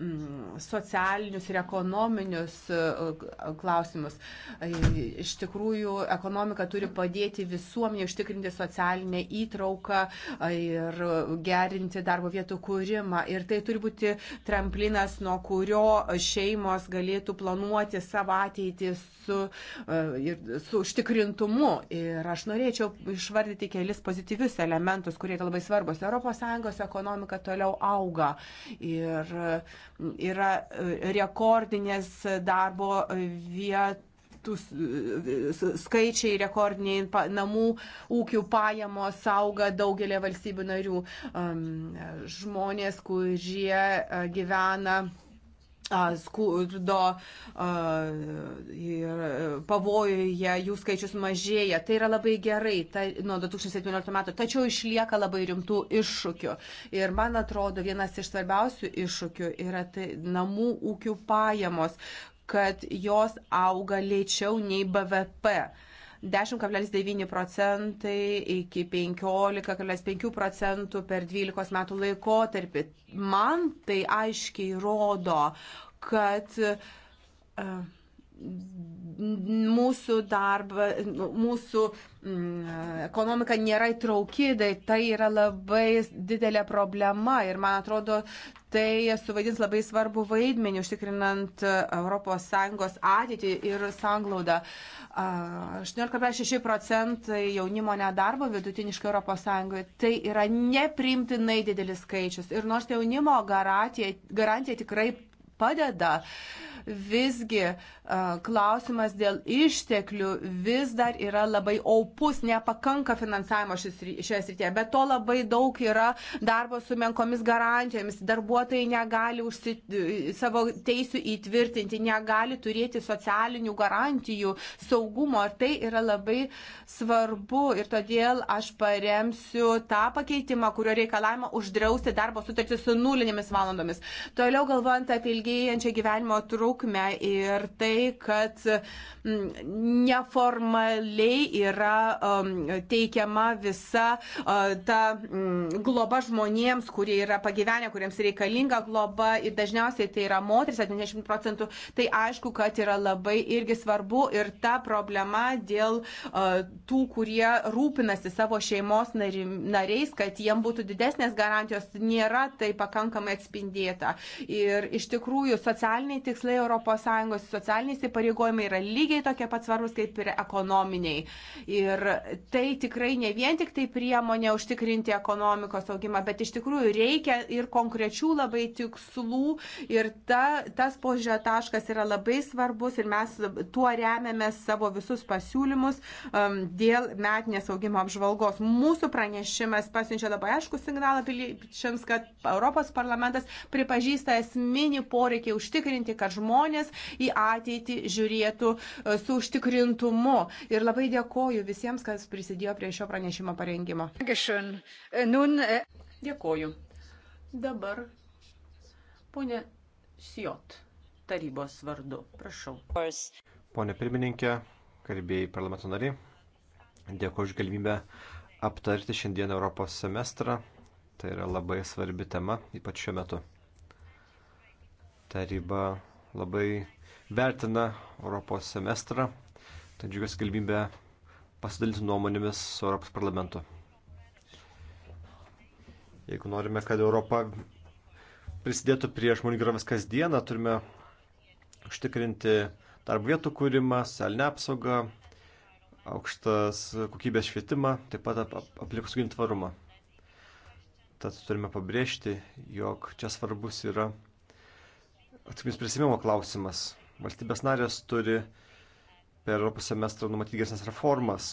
Mm, socialinius ir ekonominius e, e, klausimus. E, iš tikrųjų, ekonomika turi padėti visuomenė užtikrinti socialinę įtrauką ir gerinti darbo vietų kūrimą. Ir tai turi būti tramplinas, nuo kurio šeimos galėtų planuoti savo ateitį su, su užtikrintumu. Ir aš norėčiau išvardyti kelis pozityvius elementus, kurie yra labai svarbus. ES ekonomika toliau auga. Ir yra e, rekordinės darbo vietų e, skaičiai, rekordiniai namų ūkių pajamos auga daugelį valstybių narių. Žmonės, kurie e, gyvena skurdo ir e, pavojuje jų skaičius mažėja. Tai yra labai gerai ta, nuo 2017 metų, tačiau išlieka labai rimtų iššūkių. Ir man atrodo, vienas iš svarbiausių iššūkių yra tai namų ūkių pajamos, kad jos auga lėčiau nei BVP. 10,9 procentai iki 15,5 procentų per 12 metų laikotarpį. Man tai aiškiai rodo, kad uh, mūsų darbą, mūsų mm, ekonomika nėra įtrauki, tai tai yra labai didelė problema ir man atrodo, tai suvaidins labai svarbu vaidmenį, užtikrinant ES ateitį ir sanglaudą. 18,6 procentai jaunimo nedarbo vidutiniškai ES, tai yra nepriimtinai didelis skaičius ir nors jaunimo garantija, garantija tikrai padeda, uh, visgi klausimas dėl išteklių vis dar yra labai opus, nepakanka finansavimo šioje srityje, bet to labai daug yra darbo su menkomis garantijomis, darbuotojai negali užsi, savo teisų įtvirtinti, negali turėti socialinių garantijų, saugumo ir tai yra labai svarbu ir todėl aš paremsiu tą pakeitimą, kurio reikalavimą uždrausti darbo sutartį su nulinėmis valandomis. Toliau galvojant apie ilgėjančią gyvenimo trukmę, trukmę ir tai, kad mm, neformaliai yra um, teikiama visa uh, ta mm, globa žmonėms, kurie yra pagyvenę, kuriems reikalinga globa ir dažniausiai tai yra moteris, 70 procentų, tai aišku, kad yra labai irgi svarbu ir ta problema dėl uh, tų, kurie rūpinasi savo šeimos nariais, kad jiem būtų didesnės garantijos, nėra tai pakankamai atspindėta. Ir iš tikrųjų socialiniai tikslai ES socialiniai įsipareigojimai yra lygiai tokie pat svarbus kaip ir ekonominiai. Ir tai tikrai ne vien tik tai priemonė užtikrinti ekonomikos augimą, bet iš tikrųjų reikia ir konkrečių labai tikslų. Ir ta, tas požiūrio taškas yra labai svarbus ir mes tuo remiamės savo visus pasiūlymus um, dėl metinės augimo apžvalgos. Mūsų pranešimas pasiunčia labai aišku signalą piliečiams, kad Europos parlamentas pripažįsta esminį poreikį užtikrinti, kad žmonės žmonės į ateitį žiūrėtų e, su užtikrintumu. Ir labai dėkoju visiems, kas prisidėjo prie šio pranešimo parengimo. Äh, äh, dėkoju. Dabar ponė Sjot tarybos vardu. Prašau. Pone pirmininkė, garbėjai parlamento nariai, dėkoju už galimybę aptarti šiandien Europos semestrą. Tai yra labai svarbi tema, ypač šiuo metu. Taryba labai vertina Europos semestrą. Tad džiugiuosi galimybę pasidalinti nuomonėmis su Europos parlamentu. Jeigu norime, kad Europa prisidėtų prie žmonių gerovės kasdieną, turime užtikrinti darbo vietų kūrimą, socialinę apsaugą, aukštas kokybės švietimą, taip pat ap aplikus ginti tvarumą. Tad turime pabrėžti, jog čia svarbus yra atsakomybės prisimimo klausimas. Valstybės narės turi per Europos semestrą numatyti gesnes reformas.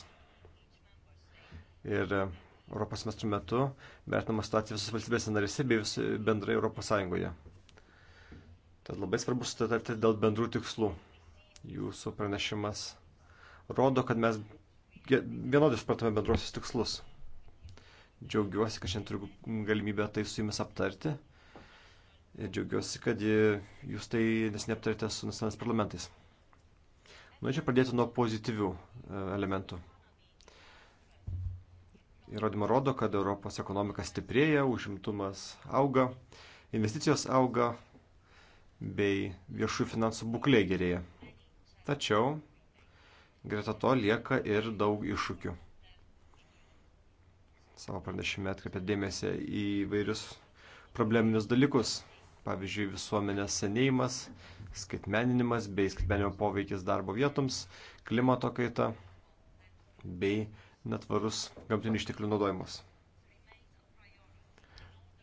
Ir e, Europos semestro metu vertinama situacija visos valstybės narėse bei vis bendrai Europos Sąjungoje. Tad labai svarbu sutarti dėl bendrų tikslų. Jūsų pranešimas rodo, kad mes vienodai supratome bendruosius tikslus. Džiaugiuosi, kad šiandien turiu galimybę tai su jumis aptarti. Ir džiaugiuosi, kad jūs tai vis neaptarėte su nacionaliniais parlamentais. Norėčiau nu, pradėti nuo pozityvių e, elementų. Įrodymą rodo, kad Europos ekonomika stiprėja, užimtumas auga, investicijos auga bei viešųjų finansų būklė gerėja. Tačiau greta to lieka ir daug iššūkių. Savo pranešime atkreipė dėmesį į vairius probleminius dalykus pavyzdžiui, visuomenės senėjimas, skaitmeninimas bei skaitmeninio poveikis darbo vietoms, klimato kaita bei netvarus gamtinių išteklių naudojimas.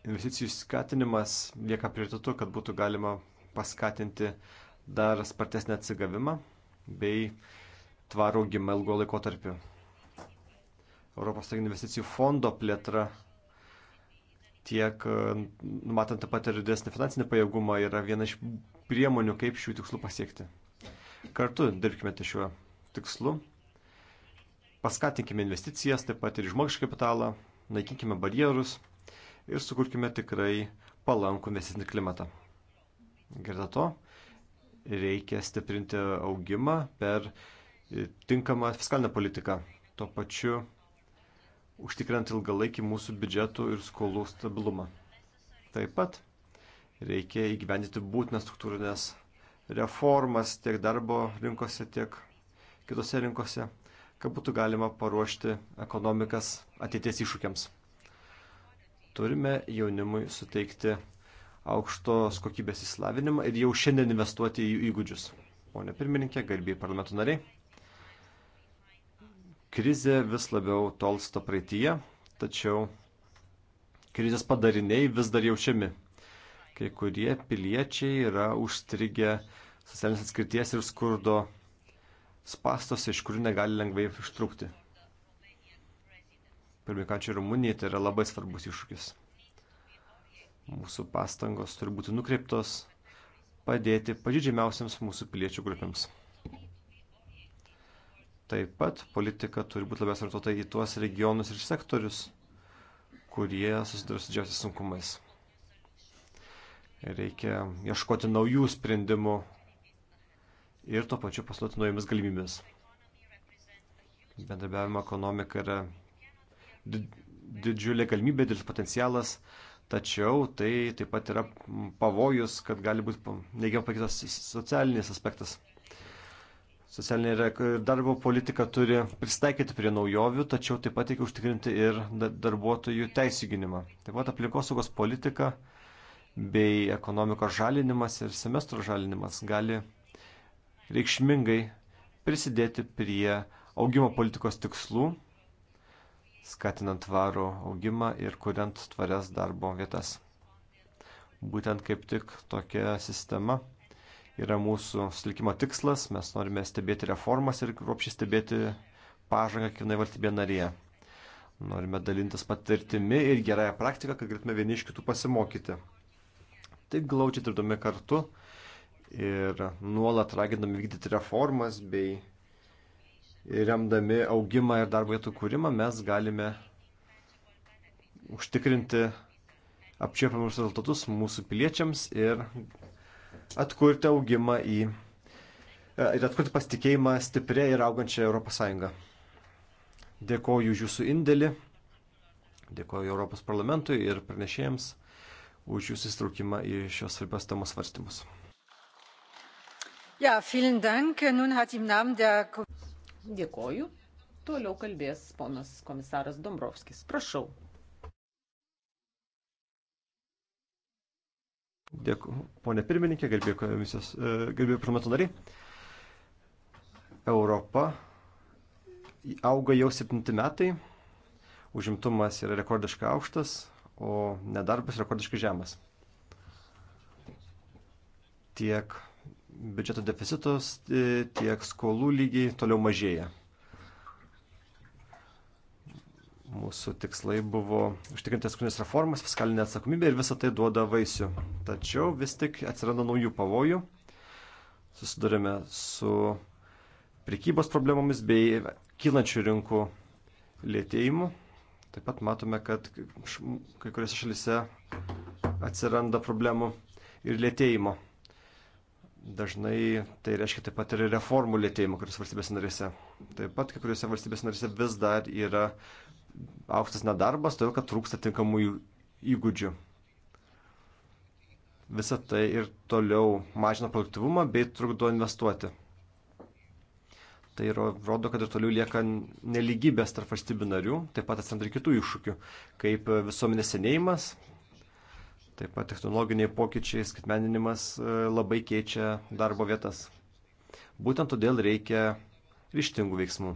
Investicijų skatinimas lieka prioritetu, kad būtų galima paskatinti dar spartesnį atsigavimą bei tvarų augimą ilgo laiko tarpiu. Europos investicijų fondo plėtra tiek e, numatant taip pat ir didesnį finansinį pajėgumą yra viena iš priemonių, kaip šių tikslų pasiekti. Kartu dirbkime ties šiuo tikslu, paskatinkime investicijas, taip pat ir žmogišką kapitalą, naikinkime barjerus ir sukurkime tikrai palankų investicinį klimatą. Greta to, reikia stiprinti augimą per tinkamą fiskalinę politiką. Tuo pačiu užtikrinant ilgalaikį mūsų biudžetų ir skolų stabilumą. Taip pat reikia įgyvendyti būtinas struktūrinės reformas tiek darbo rinkose, tiek kitose rinkose, kad būtų galima paruošti ekonomikas ateities iššūkiams. Turime jaunimui suteikti aukštos kokybės įsilavinimą ir jau šiandien investuoti į įgūdžius. Pone pirmininkė, garbiai parlamento nariai. Krizė vis labiau tolsta praeitie, tačiau krizės padariniai vis dar jaučiami. Kai kurie piliečiai yra užstrigę socialinės atskirties ir skurdo spastos, iš kurių negali lengvai ištrūkti. Pirmininkančiai Rumunijai tai yra labai svarbus iššūkis. Mūsų pastangos turi būti nukreiptos padėti pažydžiamiausiams mūsų piliečių grupėms. Taip pat politika turi būti labiausiai orientuota į tuos regionus ir sektorius, kurie susiduria su didžiausiais sunkumais. Reikia ieškoti naujų sprendimų ir tuo pačiu pasinaudoti naujomis galimybėmis. Bendrabiavimo ekonomika yra didžiulė galimybė, didelis potencialas, tačiau tai taip pat yra pavojus, kad gali būti neigiamai pakitas socialinis aspektas socialinė ir darbo politika turi pristaikyti prie naujovių, tačiau taip pat reikia užtikrinti ir darbuotojų teisų gynimą. Taip pat aplinkosaugos politika bei ekonomikos žalinimas ir semestro žalinimas gali reikšmingai prisidėti prie augimo politikos tikslų, skatinant tvarų augimą ir kuriant tvarias darbo vietas. Būtent kaip tik tokia sistema yra mūsų sulikimo tikslas, mes norime stebėti reformas ir kruopšiai stebėti pažangą kiekvienoje valstybėje narėje. Norime dalintis patirtimi ir gerąją praktiką, kad galėtume vieni iš kitų pasimokyti. Taip glaučiai dirbdami kartu ir nuolat ragindami vykdyti reformas bei remdami augimą ir darbo vietų kūrimą, mes galime užtikrinti apčiopiamus rezultatus mūsų piliečiams ir atkurti augimą į, e, ir atkurti pasitikėjimą stiprią ir augančią ES. Dėkoju už jūsų indėlį, dėkoju Europos parlamentui ir pranešėjams už jūsų įstraukimą į šios svarbios temos svarstymus. Ja, der... Dėkoju. Toliau kalbės ponas komisaras Dombrovskis. Prašau. Dėkui, ponė pirmininkė, garbė komisijos, e, garbė parlamento nariai. Europa auga jau septinti metai, užimtumas yra rekordiškai aukštas, o nedarbas rekordiškai žemas. Tiek biudžeto deficitos, e, tiek skolų lygiai toliau mažėja. Mūsų tikslai buvo užtikrinti atsakomybės reformas, fiskalinė atsakomybė ir visą tai duoda vaisių. Tačiau vis tik atsiranda naujų pavojų. Susidurėme su prekybos problemomis bei kylančių rinkų lėtėjimu. Taip pat matome, kad kai kuriuose šalise atsiranda problemų ir lėtėjimo dažnai tai reiškia taip pat ir reformų lėtėjimą, kuris valstybės narėse. Taip pat kai kuriuose valstybės narėse vis dar yra aukštas nedarbas, todėl kad trūksta tinkamų įgūdžių. Visą tai ir toliau mažina produktivumą bei trukdo investuoti. Tai rodo, kad ir toliau lieka neligybės tarp valstybių narių, taip pat atsiranda ir kitų iššūkių, kaip visuomenės senėjimas, Taip pat technologiniai pokyčiai, skaitmeninimas e, labai keičia darbo vietas. Būtent todėl reikia ryštingų veiksmų.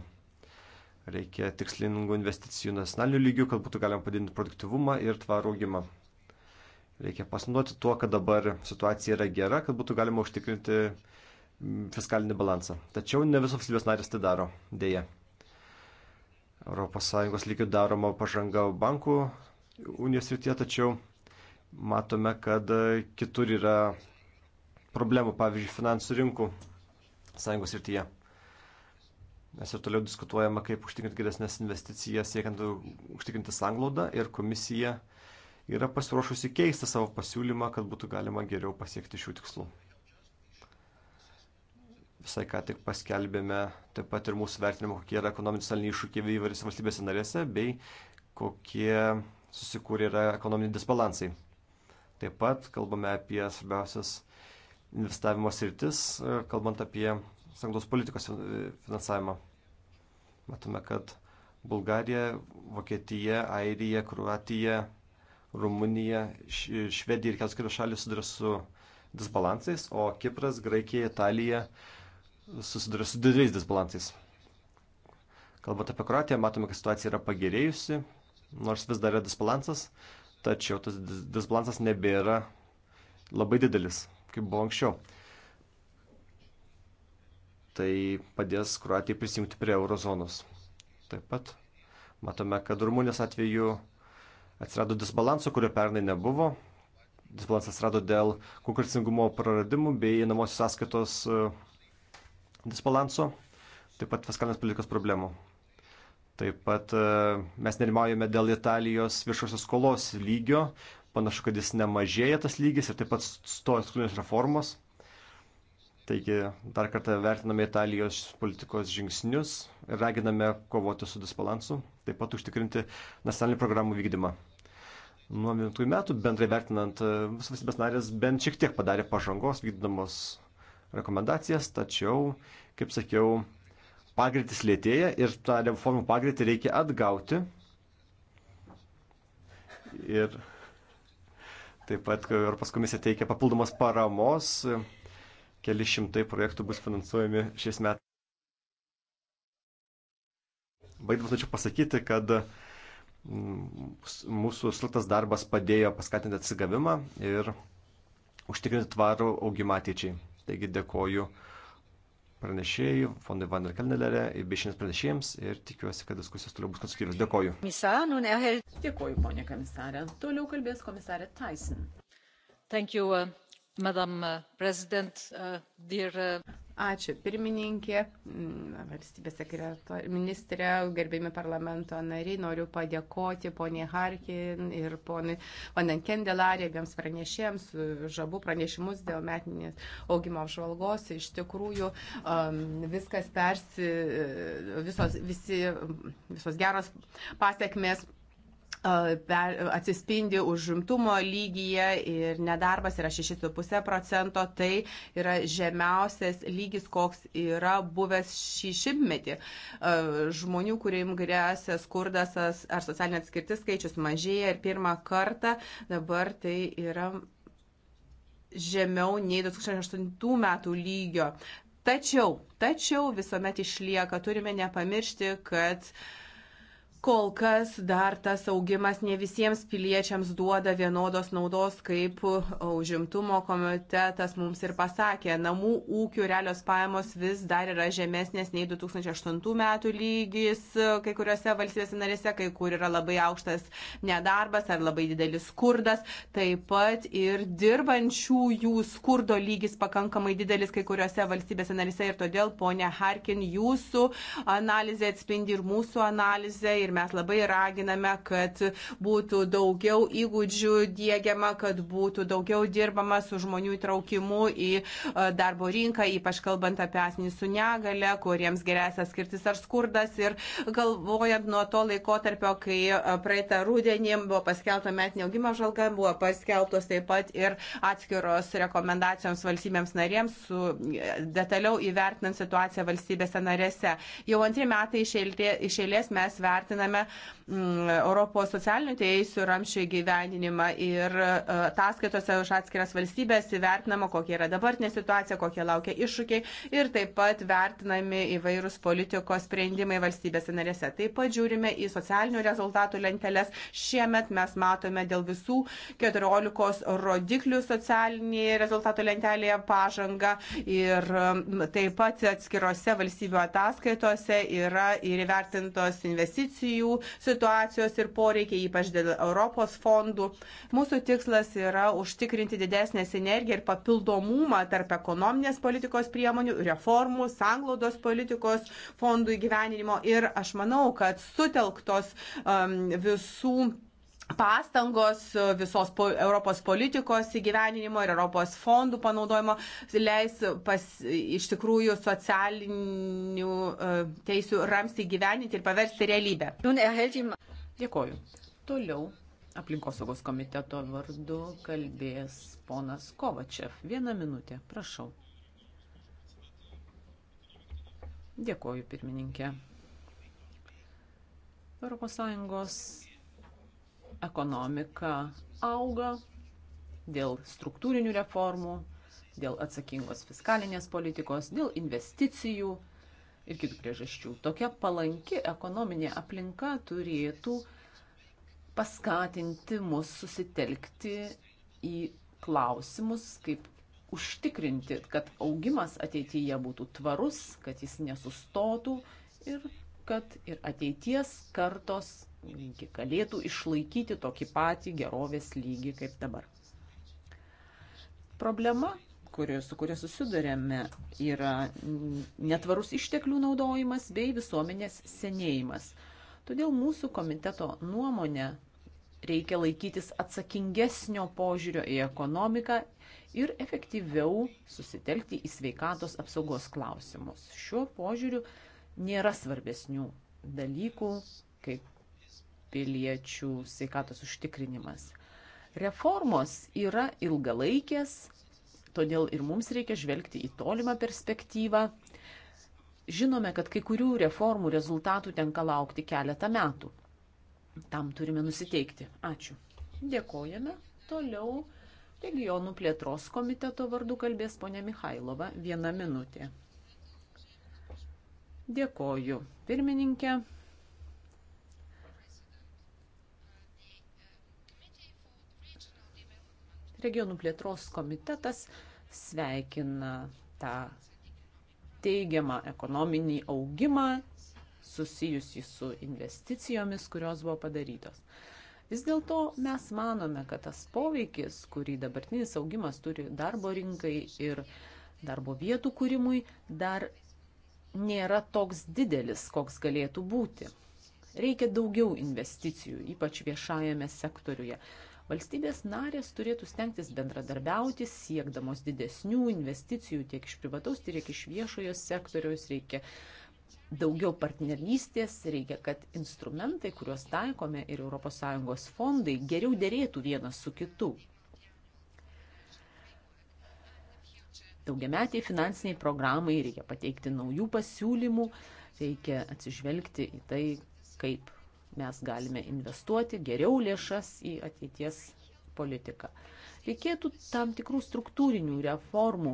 Reikia tikslingų investicijų nacionalinių lygių, kad būtų galima padidinti produktivumą ir tvarų augimą. Reikia pasinaudoti tuo, kad dabar situacija yra gera, kad būtų galima užtikrinti fiskalinį balansą. Tačiau ne visos valstybės narės tai daro, dėja. ES lygių daroma pažanga bankų unijos rytyje, tačiau matome, kad e, kitur yra problemų, pavyzdžiui, finansų rinkų sąjungos rytyje. Mes ir toliau diskutuojame, kaip užtikrinti geresnės investicijas, siekiant užtikrinti sanglaudą ir komisija yra pasiruošusi keisti savo pasiūlymą, kad būtų galima geriau pasiekti šių tikslų. Visai ką tik paskelbėme taip pat ir mūsų vertinimą, kokie yra ekonominiai saliniai iššūkiai įvairiose valstybėse narėse, bei kokie susikūrė yra ekonominiai disbalansai. Taip pat kalbame apie svarbiausias investavimo sritis, e, kalbant apie sanglos politikos e, finansavimą. Matome, kad Bulgarija, Vokietija, Airija, Kruatija, Rumunija, e, Švedija ir kelios kitos šalis susiduria su disbalansais, o Kipras, Graikija, Italija susiduria su dideliais disbalansais. Kalbant apie Kroatiją, matome, kad situacija yra pagerėjusi, nors vis dar yra disbalansas, tačiau tas disbalansas nebėra labai didelis, kaip buvo anksčiau. Tai padės Kroatijai prisijungti prie eurozonos. Taip pat matome, kad Rumunijos atveju atsirado disbalanso, kurio pernai nebuvo. Disbalansas atsirado dėl konkurencingumo praradimų bei namosios sąskaitos e, disbalanso, taip pat fiskalinės politikos problemų. Taip pat e, mes nerimaujame dėl Italijos viešosios skolos lygio. Panašu, kad jis nemažėja tas lygis ir taip pat stoja struktūrinės reformos. Taigi dar kartą vertiname Italijos politikos žingsnius ir raginame kovoti su disbalansu, taip pat užtikrinti nacionalinių programų vykdymą. Nuo 11 metų bendrai vertinant, e, visos valstybės narės bent šiek tiek padarė pažangos vykdamos rekomendacijas, tačiau, kaip sakiau, pagreitis lėtėja ir tą reformų pagreitį reikia atgauti. Ir taip pat Europos komisija teikia papildomas paramos. Keli šimtai projektų bus finansuojami šiais metais. Baigdamas norėčiau pasakyti, kad mm, mūsų slaptas darbas padėjo paskatinti atsigavimą ir užtikrinti tvarų augimą ateičiai. Taigi dėkoju pranešėjų, fondui Van der Kelnelerė, bei šiems pranešėjams ir tikiuosi, kad diskusijos toliau bus konstruktyvios. Dėkoju. Nu, Dėkoju, ponė komisarė. Toliau kalbės komisarė Tyson. Thank you, uh, Madam uh, President, uh, dear. Uh... Ačiū pirmininkė, valstybės sekretorė, ministrė, gerbėjami parlamento nariai. Noriu padėkoti poniai Harkin ir poniai Vandenkendelarė, abiems pranešėjams, žabu pranešimus dėl metinės augimo apžvalgos. Iš tikrųjų, viskas persi, visos, visi, visos geros pasiekmės atsispindi užimtumo lygyje ir nedarbas yra 6,5 procento, tai yra žemiausias lygis, koks yra buvęs šį šimtmetį. Žmonių, kuriems grėsia skurdas ar socialinė atskirtis skaičius mažėja ir pirmą kartą dabar tai yra žemiau nei 2008 metų lygio. Tačiau, tačiau visuomet išlieka, turime nepamiršti, kad uh, Kol kas dar tas augimas ne visiems piliečiams duoda vienodos naudos, kaip užimtumo komitetas mums ir pasakė. Namų ūkių realios pajamos vis dar yra žemesnės nei 2008 metų lygis kai kuriuose valstybėse narėse, kai kur yra labai aukštas nedarbas ar labai didelis skurdas. Taip pat ir dirbančiųjų skurdo lygis pakankamai didelis kai kuriuose valstybėse narėse ir todėl, ponia Harkin, jūsų analizė atspindi ir mūsų analizę. Ir mes labai raginame, kad būtų daugiau įgūdžių dėgiama, kad būtų daugiau dirbama su žmonių įtraukimu į e, darbo rinką, ypač kalbant apie asmenį su negale, kuriems geresnės skirtis ar skurdas. Ir galvojant nuo to laikotarpio, kai e, praeitą rūdienį buvo paskelbta metinio augimo žalga, buvo paskelbtos taip pat ir atskiros rekomendacijoms valstybėms narėms, su, e, detaliau įvertinant situaciją valstybėse narėse. Jau antrį metą iš eilės mes vertiname vertiname mm, Europos socialinių teisų ramščių įgyvendinimą ir e, ataskaitose už atskiras valstybės įvertinama, kokia yra dabartinė situacija, kokie laukia iššūkiai ir taip pat vertinami įvairūs politikos sprendimai valstybėse narėse. Taip pat žiūrime į socialinių rezultatų lenteles. Šiemet mes matome dėl visų 14 rodiklių socialinėje rezultatų lentelėje pažangą ir taip pat atskirose valstybių ataskaitose yra ir įvertintos investicijų jų situacijos ir poreikiai, ypač dėl Europos fondų. Mūsų tikslas yra užtikrinti didesnę sinergiją ir papildomumą tarp ekonominės politikos priemonių, reformų, sanglaudos politikos fondų įgyveninimo ir aš manau, kad sutelktos um, visų pastangos visos po, Europos politikos įgyveninimo ir Europos fondų panaudojimo leis pas, iš tikrųjų socialinių e, teisių ramstį įgyveninti ir paversti realybę. Dėkoju. Toliau aplinkosaugos komiteto vardu kalbės ponas Kovačev. Vieną minutę, prašau. Dėkoju, pirmininkė. ES ekonomika auga dėl struktūrinių reformų, dėl atsakingos fiskalinės politikos, dėl investicijų ir kitų priežasčių. Tokia palanki ekonominė aplinka turėtų paskatinti mus susitelkti į klausimus, kaip užtikrinti, kad augimas ateityje būtų tvarus, kad jis nesustotų ir kad ir ateities kartos ūkininkai galėtų išlaikyti tokį patį gerovės lygį kaip dabar. Problema, kurio, su kuria susidurėme, yra netvarus išteklių naudojimas bei visuomenės senėjimas. Todėl mūsų komiteto nuomonė reikia laikytis atsakingesnio požiūrio į ekonomiką ir efektyviau susitelkti į sveikatos apsaugos klausimus. Šiuo požiūriu nėra svarbesnių dalykų kaip piliečių sveikatos užtikrinimas. Reformos yra ilgalaikės, todėl ir mums reikia žvelgti į tolimą perspektyvą. Žinome, kad kai kurių reformų rezultatų tenka laukti keletą metų. Tam turime nusiteikti. Ačiū. Dėkojame. Toliau regionų plėtros komiteto vardu kalbės ponia Mihailova. Viena minutė. Dėkoju. Pirmininkė. regionų plėtros komitetas sveikina tą teigiamą ekonominį augimą susijusi su investicijomis, kurios buvo padarytos. Vis dėlto mes manome, kad tas poveikis, kurį dabartinis augimas turi darbo rinkai ir darbo vietų kūrimui, dar nėra toks didelis, koks galėtų būti. Reikia daugiau investicijų, ypač viešajame sektoriuje. Valstybės narės turėtų stengtis bendradarbiauti, siekdamos didesnių investicijų tiek iš privataus, tiek iš viešojo sektoriaus. Reikia daugiau partnerystės, reikia, kad instrumentai, kuriuos taikome ir ES fondai, geriau dėrėtų vienas su kitu. Daugiametiai finansiniai programai reikia pateikti naujų pasiūlymų, reikia atsižvelgti į tai, kaip Mes galime investuoti geriau lėšas į ateities politiką. Reikėtų tam tikrų struktūrinių reformų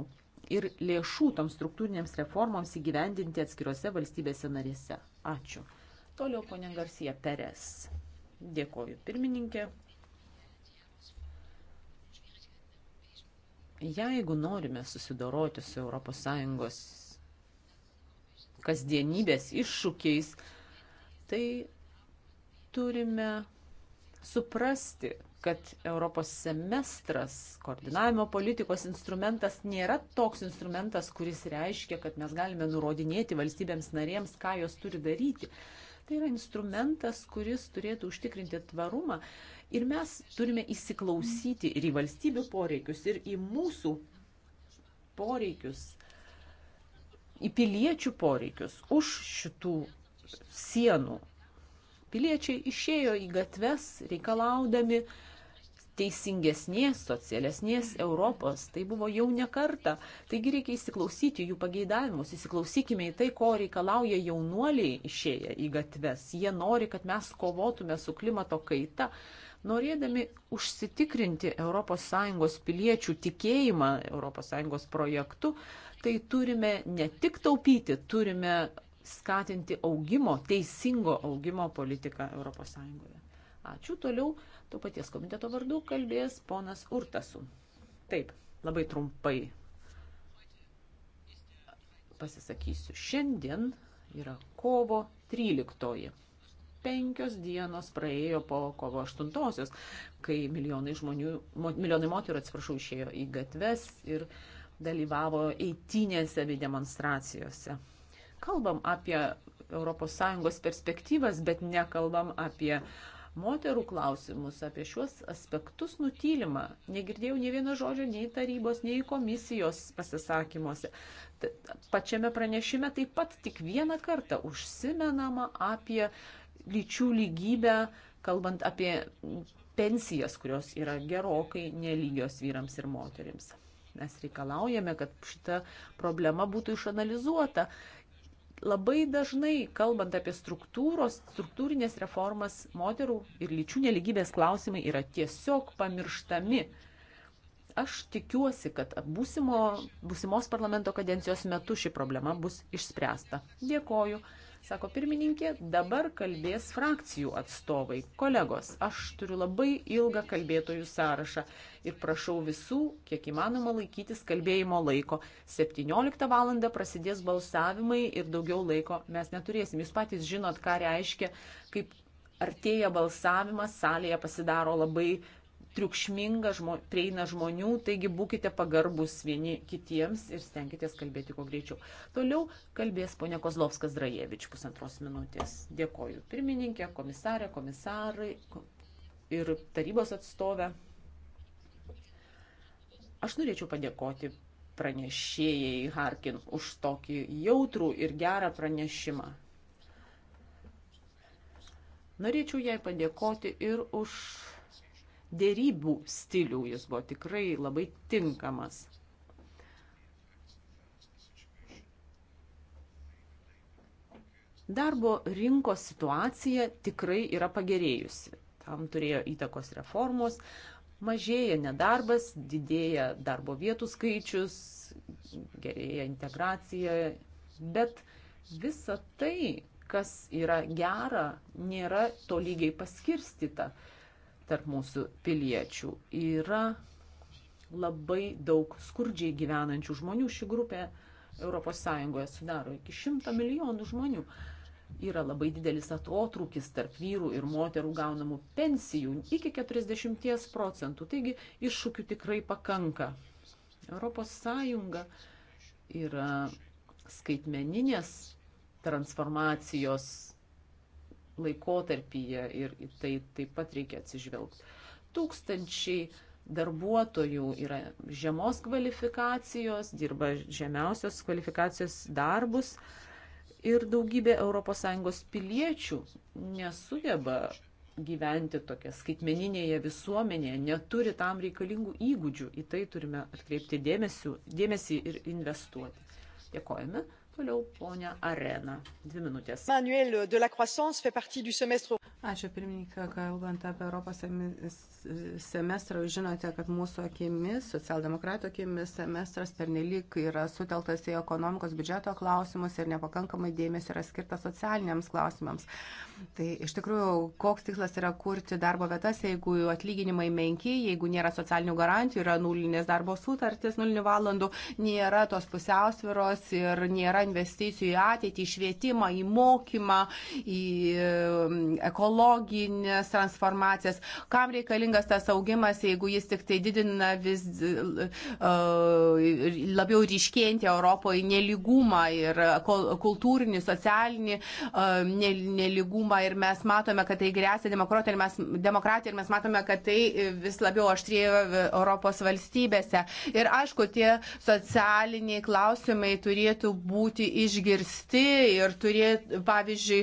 ir lėšų toms struktūrinėms reformoms įgyvendinti atskirose valstybėse narėse. Ačiū. Toliau ponė Garcija Peres. Dėkoju pirmininkė. Jeigu norime susidoroti su ES kasdienybės iššūkiais, tai turime suprasti, kad Europos semestras, koordinavimo politikos instrumentas nėra toks instrumentas, kuris reiškia, kad mes galime nurodinėti valstybėms narėms, ką jos turi daryti. Tai yra instrumentas, kuris turėtų užtikrinti tvarumą ir mes turime įsiklausyti ir į valstybių poreikius, ir į mūsų poreikius, į piliečių poreikius už šitų sienų Piliečiai išėjo į gatves reikalaudami teisingesnės, socialesnės Europos. Tai buvo jau ne kartą. Taigi reikia įsiklausyti jų pageidavimus, įsiklausykime į tai, ko reikalauja jaunuoliai išėję į gatves. Jie nori, kad mes kovotume su klimato kaita. Norėdami užsitikrinti ES piliečių tikėjimą ES projektu, tai turime ne tik taupyti, turime skatinti augimo, teisingo augimo politiką ES. Ačiū toliau, to paties komiteto vardu kalbės ponas Urtasu. Taip, labai trumpai pasisakysiu. Šiandien yra kovo 13. Penkios dienos praėjo po kovo 8, kai milijonai žmonių, milijonai moterų, atsiprašau, išėjo į gatves ir dalyvavo eitinėse bei demonstracijose kalbam apie ES perspektyvas, bet nekalbam apie moterų klausimus, apie šiuos aspektus nutylimą. Negirdėjau nei vieno žodžio nei tarybos, nei komisijos pasisakymuose. Pačiame pranešime taip pat tik vieną kartą užsimenama apie lyčių lygybę, kalbant apie pensijas, kurios yra gerokai nelygios vyrams ir moterims. Mes reikalaujame, kad šita problema būtų išanalizuota Labai dažnai, kalbant apie struktūros, struktūrinės reformas, moterų ir lyčių neligybės klausimai yra tiesiog pamirštami. Aš tikiuosi, kad būsimo, būsimos parlamento kadencijos metu ši problema bus išspręsta. Dėkoju. Sako pirmininkė, dabar kalbės frakcijų atstovai. Kolegos, aš turiu labai ilgą kalbėtojų sąrašą ir prašau visų, kiek įmanoma, laikytis kalbėjimo laiko. 17 val. prasidės balsavimai ir daugiau laiko mes neturėsim. Jūs patys žinot, ką reiškia, kaip artėja balsavimas, salėje pasidaro labai triukšminga, žmo, prieina žmonių, taigi būkite pagarbus vieni kitiems ir stenkitės kalbėti kuo greičiau. Toliau kalbės ponė Kozlovskas Drajevič pusantros minutės. Dėkoju pirmininkė, komisarė, komisarai ir tarybos atstovė. Aš norėčiau padėkoti pranešėjai Harkin už tokį jautrų ir gerą pranešimą. Norėčiau jai padėkoti ir už dėrybų stilių. Jis buvo tikrai labai tinkamas. Darbo rinkos situacija tikrai yra pagerėjusi. Tam turėjo įtakos reformos. Mažėja nedarbas, didėja darbo vietų skaičius, gerėja integracija, bet visa tai, kas yra gera, nėra tolygiai paskirstita. Uh, tarp mūsų piliečių. Yra labai daug skurdžiai gyvenančių žmonių. Ši grupė ES sudaro iki šimto milijonų žmonių. Yra labai didelis atotrūkis tarp vyrų ir moterų gaunamų pensijų iki 40 procentų. Taigi iššūkių tikrai pakanka. ES yra skaitmeninės transformacijos laikotarpyje ir tai taip pat reikia atsižvelgti. Tūkstančiai darbuotojų yra žemos kvalifikacijos, dirba žemiausios kvalifikacijos darbus ir daugybė ES piliečių nesugeba gyventi tokia skaitmeninėje visuomenėje, neturi tam reikalingų įgūdžių. Į tai turime atkreipti dėmesį, dėmesį ir investuoti. Dėkojame. Toliau ponia Arena. Dvi minutės. Manuel de la Croissance fait partie du semestre. Ačiū pirmininką, kalbant apie Europos semestrą, žinote, kad mūsų akimis, socialdemokratų akimis, semestras pernelyg yra suteltas į ekonomikos biudžeto klausimus ir nepakankamai dėmesio yra skirtas socialiniams klausimams. Tai iš tikrųjų, koks tikslas yra kurti darbo vietas, jeigu atlyginimai menki, jeigu nėra socialinių garantijų, yra nulinės darbo sutartis, nulinių valandų, nėra tos pusiausviros ir nėra investicijų į ateitį, į švietimą, į mokymą, į ekologiją technologinės transformacijas. Kam reikalingas tas augimas, jeigu jis tik tai didina vis e, labiau ryškėjantį Europoje neligumą ir kultūrinį, socialinį e, neligumą. Ir mes matome, kad tai grėsia demokratija ir mes, demokratija, ir mes matome, kad tai vis labiau aštrėjo e, Europos valstybėse. Ir aišku, tie socialiniai klausimai turėtų būti išgirsti ir turėtų, pavyzdžiui,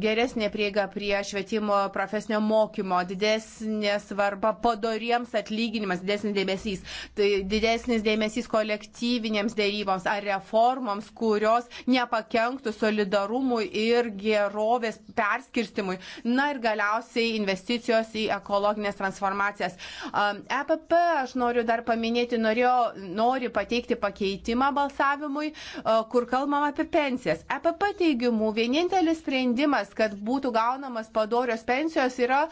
geresnė prieiga prie švietimo, profesinio mokymo, didesnė svarba padoriems atlyginimas, didesnis dėmesys, tai didesnis dėmesys kolektyvinėms dėryboms ar reformoms, kurios nepakenktų solidarumui ir gerovės perskirstimui. Na ir galiausiai investicijos į ekologinės transformacijas. EPP, aš noriu dar paminėti, norėjo, nori pateikti pakeitimą balsavimui, kur kalbama apie pensijas. EPP teigimu, vienintelis sprendimas, kad būtų gaunamas padorios pensijos yra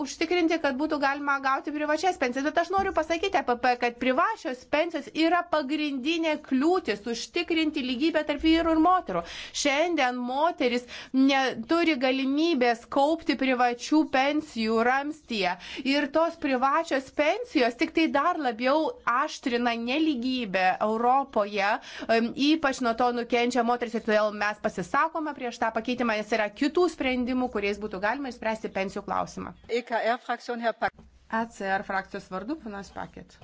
užtikrinti, kad būtų galima gauti privačias pensijas. Bet aš noriu pasakyti, APP, e kad privačios pensijos yra pagrindinė kliūtis užtikrinti lygybę tarp vyrų ir moterų. Šiandien moteris neturi galimybės kaupti privačių pensijų ramstyje. Ir tos privačios pensijos tik tai dar labiau aštrina neligybę Europoje. Ypač nuo to nukenčia moteris ir todėl mes pasisakome prieš tą pakeitimą, nes yra kitų sprendimų, kuriais būtų būtų galima išspręsti pensijų klausimą. EKR frakcijos, Herr Pak. ACR frakcijos vardu, panas Paket.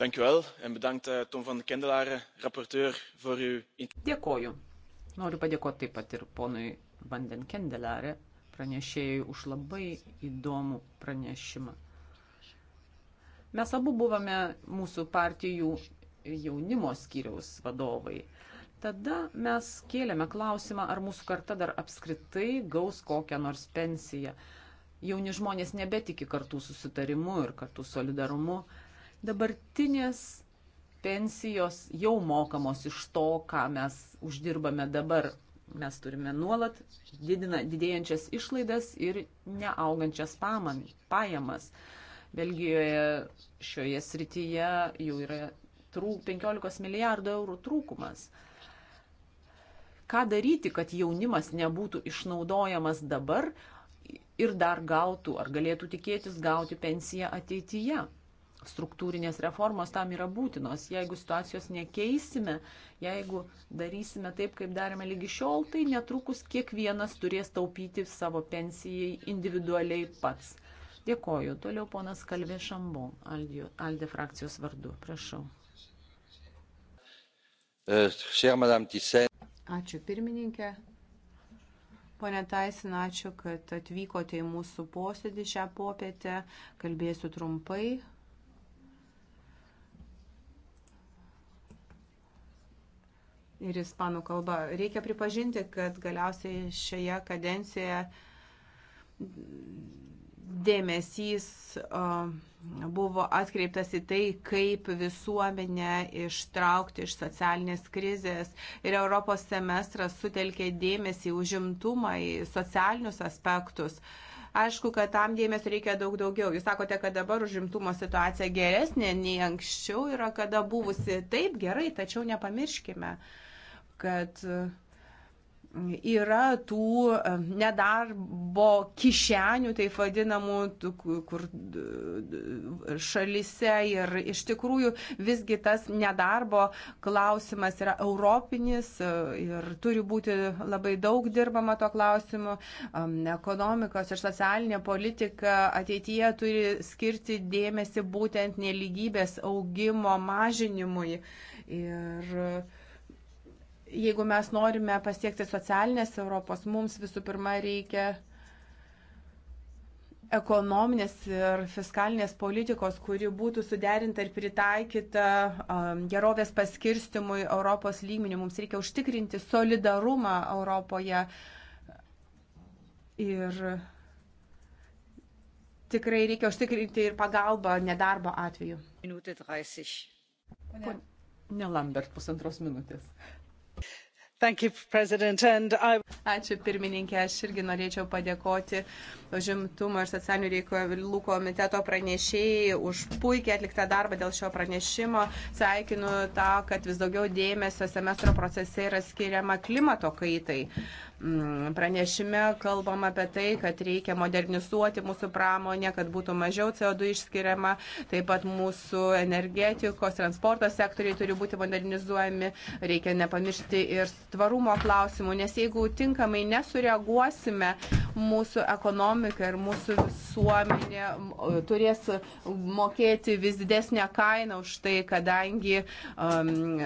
Dankjewel en bedankt uh, Tom van de Kendelare, rapporteur, voor uw... Dėkoju. Noriu padėkoti taip pat ir ponui Vanden Kendelare, pranešėjui, už labai įdomų pranešimą. Mes abu buvome mūsų partijų jaunimo skyriaus vadovai. Tada mes kėlėme klausimą, ar mūsų karta dar apskritai gaus kokią nors pensiją. Jauni žmonės nebetiki kartų susitarimu ir kartų solidarumu. Dabartinės pensijos jau mokamos iš to, ką mes uždirbame dabar. Mes turime nuolat didina, didėjančias išlaidas ir neaugančias paman, pajamas. Belgijoje šioje srityje jau yra trūk, 15 milijardų eurų trūkumas. Uh, ką daryti, kad jaunimas nebūtų išnaudojamas dabar ir dar gautų ar galėtų tikėtis gauti pensiją ateityje. Struktūrinės reformos tam yra būtinos. Jeigu situacijos nekeisime, jeigu darysime taip, kaip darėme lygi šiol, tai netrukus kiekvienas turės taupyti savo pensijai individualiai pats. Dėkoju. Toliau ponas Kalvė Šambo, Aldė frakcijos vardu. Prašau. Chère Madame Tissen, Ačiū pirmininkė. Pone Taisin, ačiū, kad atvykote į mūsų posėdį šią popietę. Kalbėsiu trumpai. Ir ispanų kalba. Reikia pripažinti, kad galiausiai šioje kadencijoje dėmesys. Uh, buvo atkreiptas į tai, kaip visuomenę ištraukti iš socialinės krizės. Ir Europos semestras sutelkė dėmesį užimtumą į socialinius aspektus. Aišku, kad tam dėmesio reikia daug daugiau. Jūs sakote, kad dabar užimtumo situacija geresnė nei anksčiau yra kada buvusi. Taip gerai, tačiau nepamirškime, kad uh, yra tų e, nedarbo kišenių, taip vadinamų, kur šalise ir iš tikrųjų visgi tas nedarbo klausimas yra europinis e, ir turi būti labai daug dirbama to klausimu. Ekonomikos ir socialinė politika ateityje turi skirti dėmesį būtent neligybės augimo mažinimui. Ir jeigu mes norime pasiekti socialinės Europos, mums visų pirma reikia ekonominės ir fiskalinės politikos, kuri būtų suderinta ir pritaikyta um, gerovės paskirstimui Europos lygmenių. Mums reikia užtikrinti solidarumą Europoje. Ir tikrai reikia užtikrinti ir pagalbą nedarbo atveju. Minutė 30. Pone Lambert, pusantros minutės. You, I... Ačiū pirmininkė, aš irgi norėčiau padėkoti žimtumo ir socialinių reikalų komiteto pranešėjai už puikiai atliktą darbą dėl šio pranešimo. Sveikinu tą, kad vis daugiau dėmesio semestro procese yra skiriama klimato kaitai. Mm, pranešime kalbam apie tai, kad reikia modernizuoti mūsų pramonę, kad būtų mažiau CO2 išskiriama, taip pat mūsų energetikos, transporto sektoriai turi būti modernizuojami, reikia nepamiršti ir tvarumo klausimų, nes jeigu tinkamai nesureaguosime, mūsų ekonomika ekonomika ir mūsų visuomenė turės mokėti vis didesnę kainą už tai, kadangi um,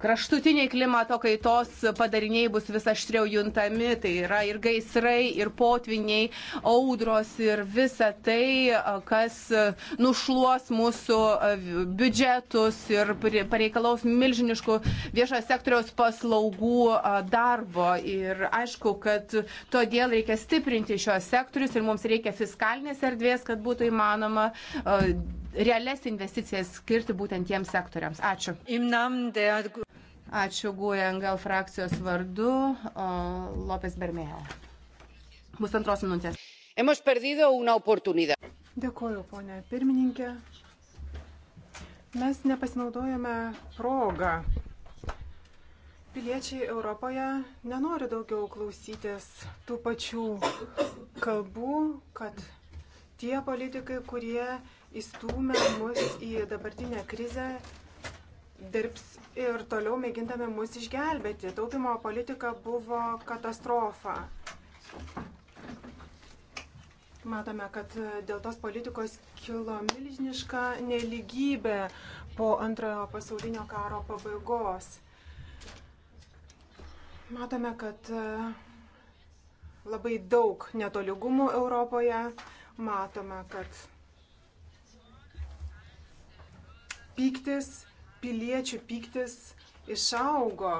kraštutiniai klimato kaitos padariniai bus vis aštriau juntami, tai yra ir gaisrai, ir potviniai, audros ir visa tai, kas nušluos mūsų biudžetus ir pareikalaus milžiniškų viešo sektoriaus paslaugų darbo. Ir aišku, kad todėl reikia stiprinti šio sektorius ir mums reikia fiskalinės erdvės, kad būtų įmanoma e, realias investicijas skirti būtent tiems sektoriams. Ačiū. Ačiū Guengel frakcijos vardu Lopes Bermėjo. Bus antros minutės. Dėkuoju, ponė pirmininkė. Mes nepasinaudojame progą piliečiai Europoje nenori daugiau klausytis tų pačių kalbų, kad tie politikai, kurie įstūmė mus į dabartinę krizę, dirbs ir toliau mėgindami mus išgelbėti. Taupimo politika buvo katastrofa. Matome, kad dėl tos politikos kilo milžiniška neligybė po antrojo pasaulinio karo pabaigos. Matome, kad e, labai daug netoligumų Europoje. Matome, kad pyktis, piliečių pyktis išaugo.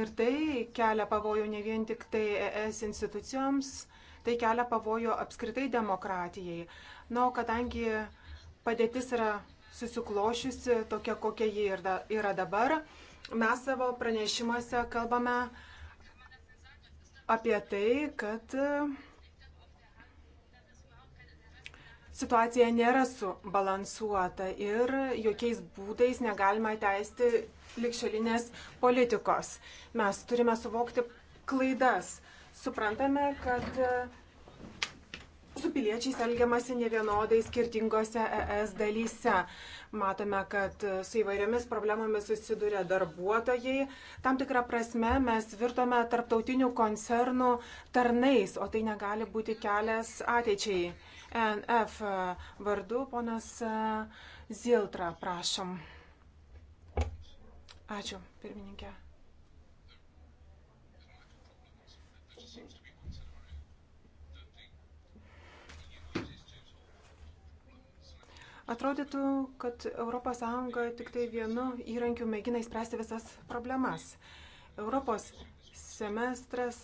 Ir tai kelia pavojų ne vien tik tai ES institucijoms, tai kelia pavojų apskritai demokratijai. Na, o kadangi padėtis yra susiklošiusi tokia, kokia ji yra dabar, mes savo pranešimuose kalbame apie tai, kad e, situacija nėra subalansuota ir jokiais būdais negalima teisti likščiolinės politikos. Mes turime suvokti klaidas. Suprantame, kad e, su piliečiais elgiamasi nevienodai skirtingose ES dalyse. Matome, kad e, su įvairiomis problemomis susiduria darbuotojai. Tam tikrą prasme mes virtome tarptautinių koncernų tarnais, o tai negali būti kelias ateičiai. E NF e, vardu, ponas Ziltra, prašom. Ačiū, pirmininkė. Atrodytų, kad ES tik tai vienu įrankiu mėgina įspręsti visas problemas. Europos semestras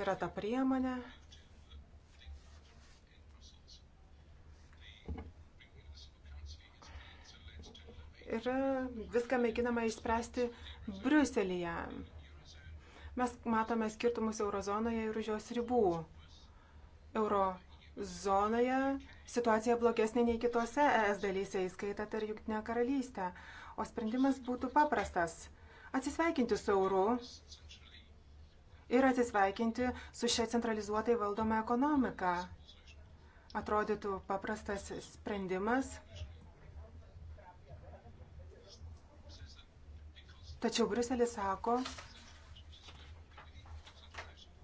yra ta priemonė, ir viską mėginama išspręsti Briuselėje. Mes matome skirtumus eurozonoje ir už jos ribų. Euro zonoje situacija blogesnė nei kitose ES dalyse, įskaitant ir Junktinę karalystę. O sprendimas būtų paprastas - atsisveikinti su euru ir atsisveikinti su šia centralizuotai valdoma ekonomika. Atrodytų paprastas sprendimas. Tačiau Bruselis sako,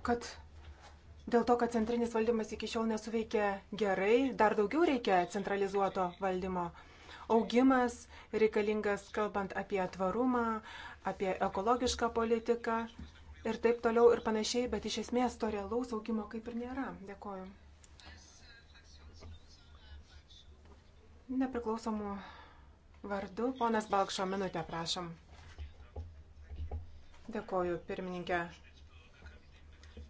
kad dėl to, kad centrinis valdymas iki šiol nesuveikė gerai, dar daugiau reikia centralizuoto valdymo. Augimas reikalingas, kalbant apie tvarumą, apie ekologišką politiką ir taip toliau ir panašiai, bet iš esmės to realaus augimo kaip ir nėra. Dėkoju. Nepriklausomų vardu, ponas Balkšo, minutę prašom. Dėkoju, pirmininkė.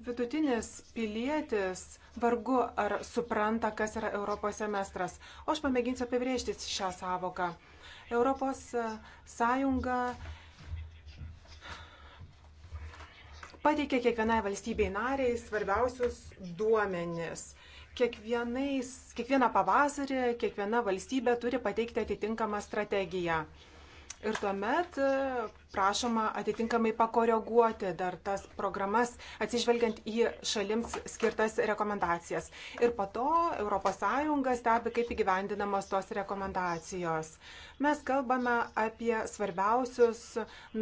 Vidutinis pilietis vargu ar supranta, kas yra Europos semestras. O aš pamėginsiu apibrėžti šią savoką. Europos e, Sąjunga pateikė kiekvienai valstybei nariai svarbiausius duomenis. Kiekvienais, kiekvieną pavasarį kiekviena valstybė turi pateikti atitinkamą strategiją. Ir tuomet e, prašoma atitinkamai pakoreguoti dar tas programas, atsižvelgiant į šalims skirtas rekomendacijas. Ir po to ES stebi, kaip įgyvendinamos tos rekomendacijos. Mes kalbame apie svarbiausius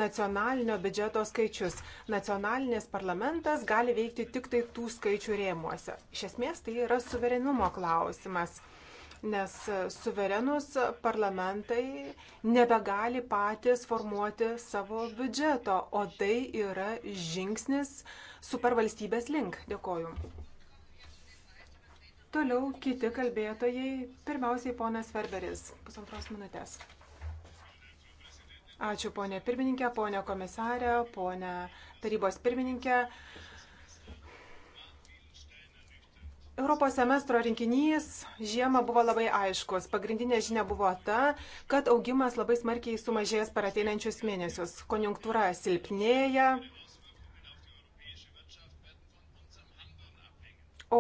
nacionalinio biudžeto skaičius. Nacionalinės parlamentas gali veikti tik tai tų skaičių rėmuose. Iš esmės tai yra suverenumo klausimas nes suverenus parlamentai nebegali patys formuoti savo biudžeto, o tai yra žingsnis supervalstybės link. Dėkoju. Toliau kiti kalbėtojai, pirmiausiai ponas Ferberis, pusantros minutės. Ačiū ponė pirmininkė, ponė komisarė, ponė tarybos pirmininkė. Europos semestro rinkinys žiemą buvo labai aiškus. Pagrindinė žinia buvo ta, kad augimas labai smarkiai sumažės per ateinančius mėnesius. Konjunktūra silpnėja,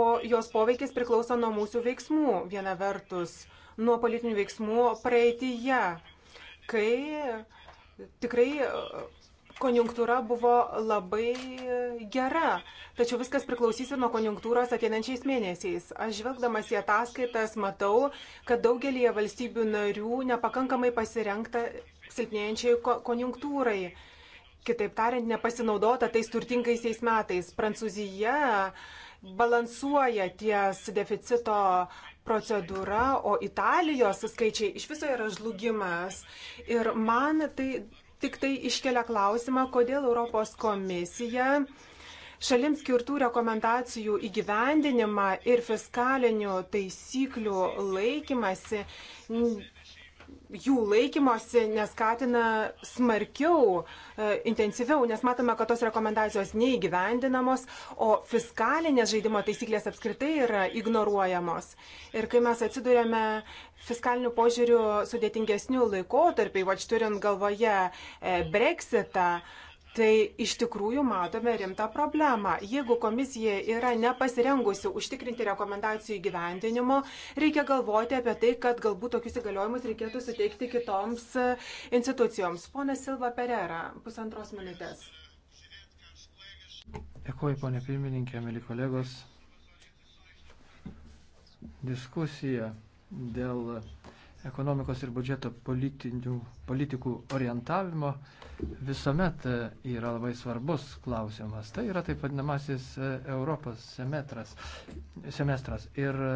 o jos poveikis priklauso nuo mūsų veiksmų, viena vertus, nuo politinių veiksmų praeitįje, kai tikrai konjunktūra buvo labai gera, tačiau viskas priklausys ir nuo konjunktūros ateinančiais mėnesiais. Aš žvelgdamas į ataskaitas matau, kad daugelie valstybių narių nepakankamai pasirengta silpnėjančiai konjunktūrai. Kitaip tariant, nepasinaudota tais turtingaisiais metais. Prancūzija balansuoja ties deficito procedūra, o Italijos skaičiai iš viso yra žlugimas. Ir man tai tik tai iškelia klausimą, kodėl Europos komisija šalims skirtų rekomendacijų įgyvendinimą ir fiskalinių taisyklių laikymasi jų laikymosi neskatina smarkiau, e, intensyviau, nes matome, kad tos rekomendacijos neįgyvendinamos, o fiskalinės žaidimo taisyklės apskritai yra ignoruojamos. Ir kai mes atsidurėme fiskalinių požiūrių sudėtingesnių laikotarpiai, va čia turint galvoje e, Brexitą, Tai iš tikrųjų matome rimtą problemą. Jeigu komisija yra nepasirengusi užtikrinti rekomendacijų įgyvendinimo, reikia galvoti apie tai, kad galbūt tokius įgaliojimus reikėtų suteikti kitoms e, institucijoms. Pone Silva Perera, pusantros minutės. Dėkuoju, ponė pirmininkė, mėly kolegos. Diskusija dėl ekonomikos ir budžeto politikų orientavimo visuomet e, yra labai svarbus klausimas. Tai yra taip vadinamasis e, Europos semestras. semestras. Ir e,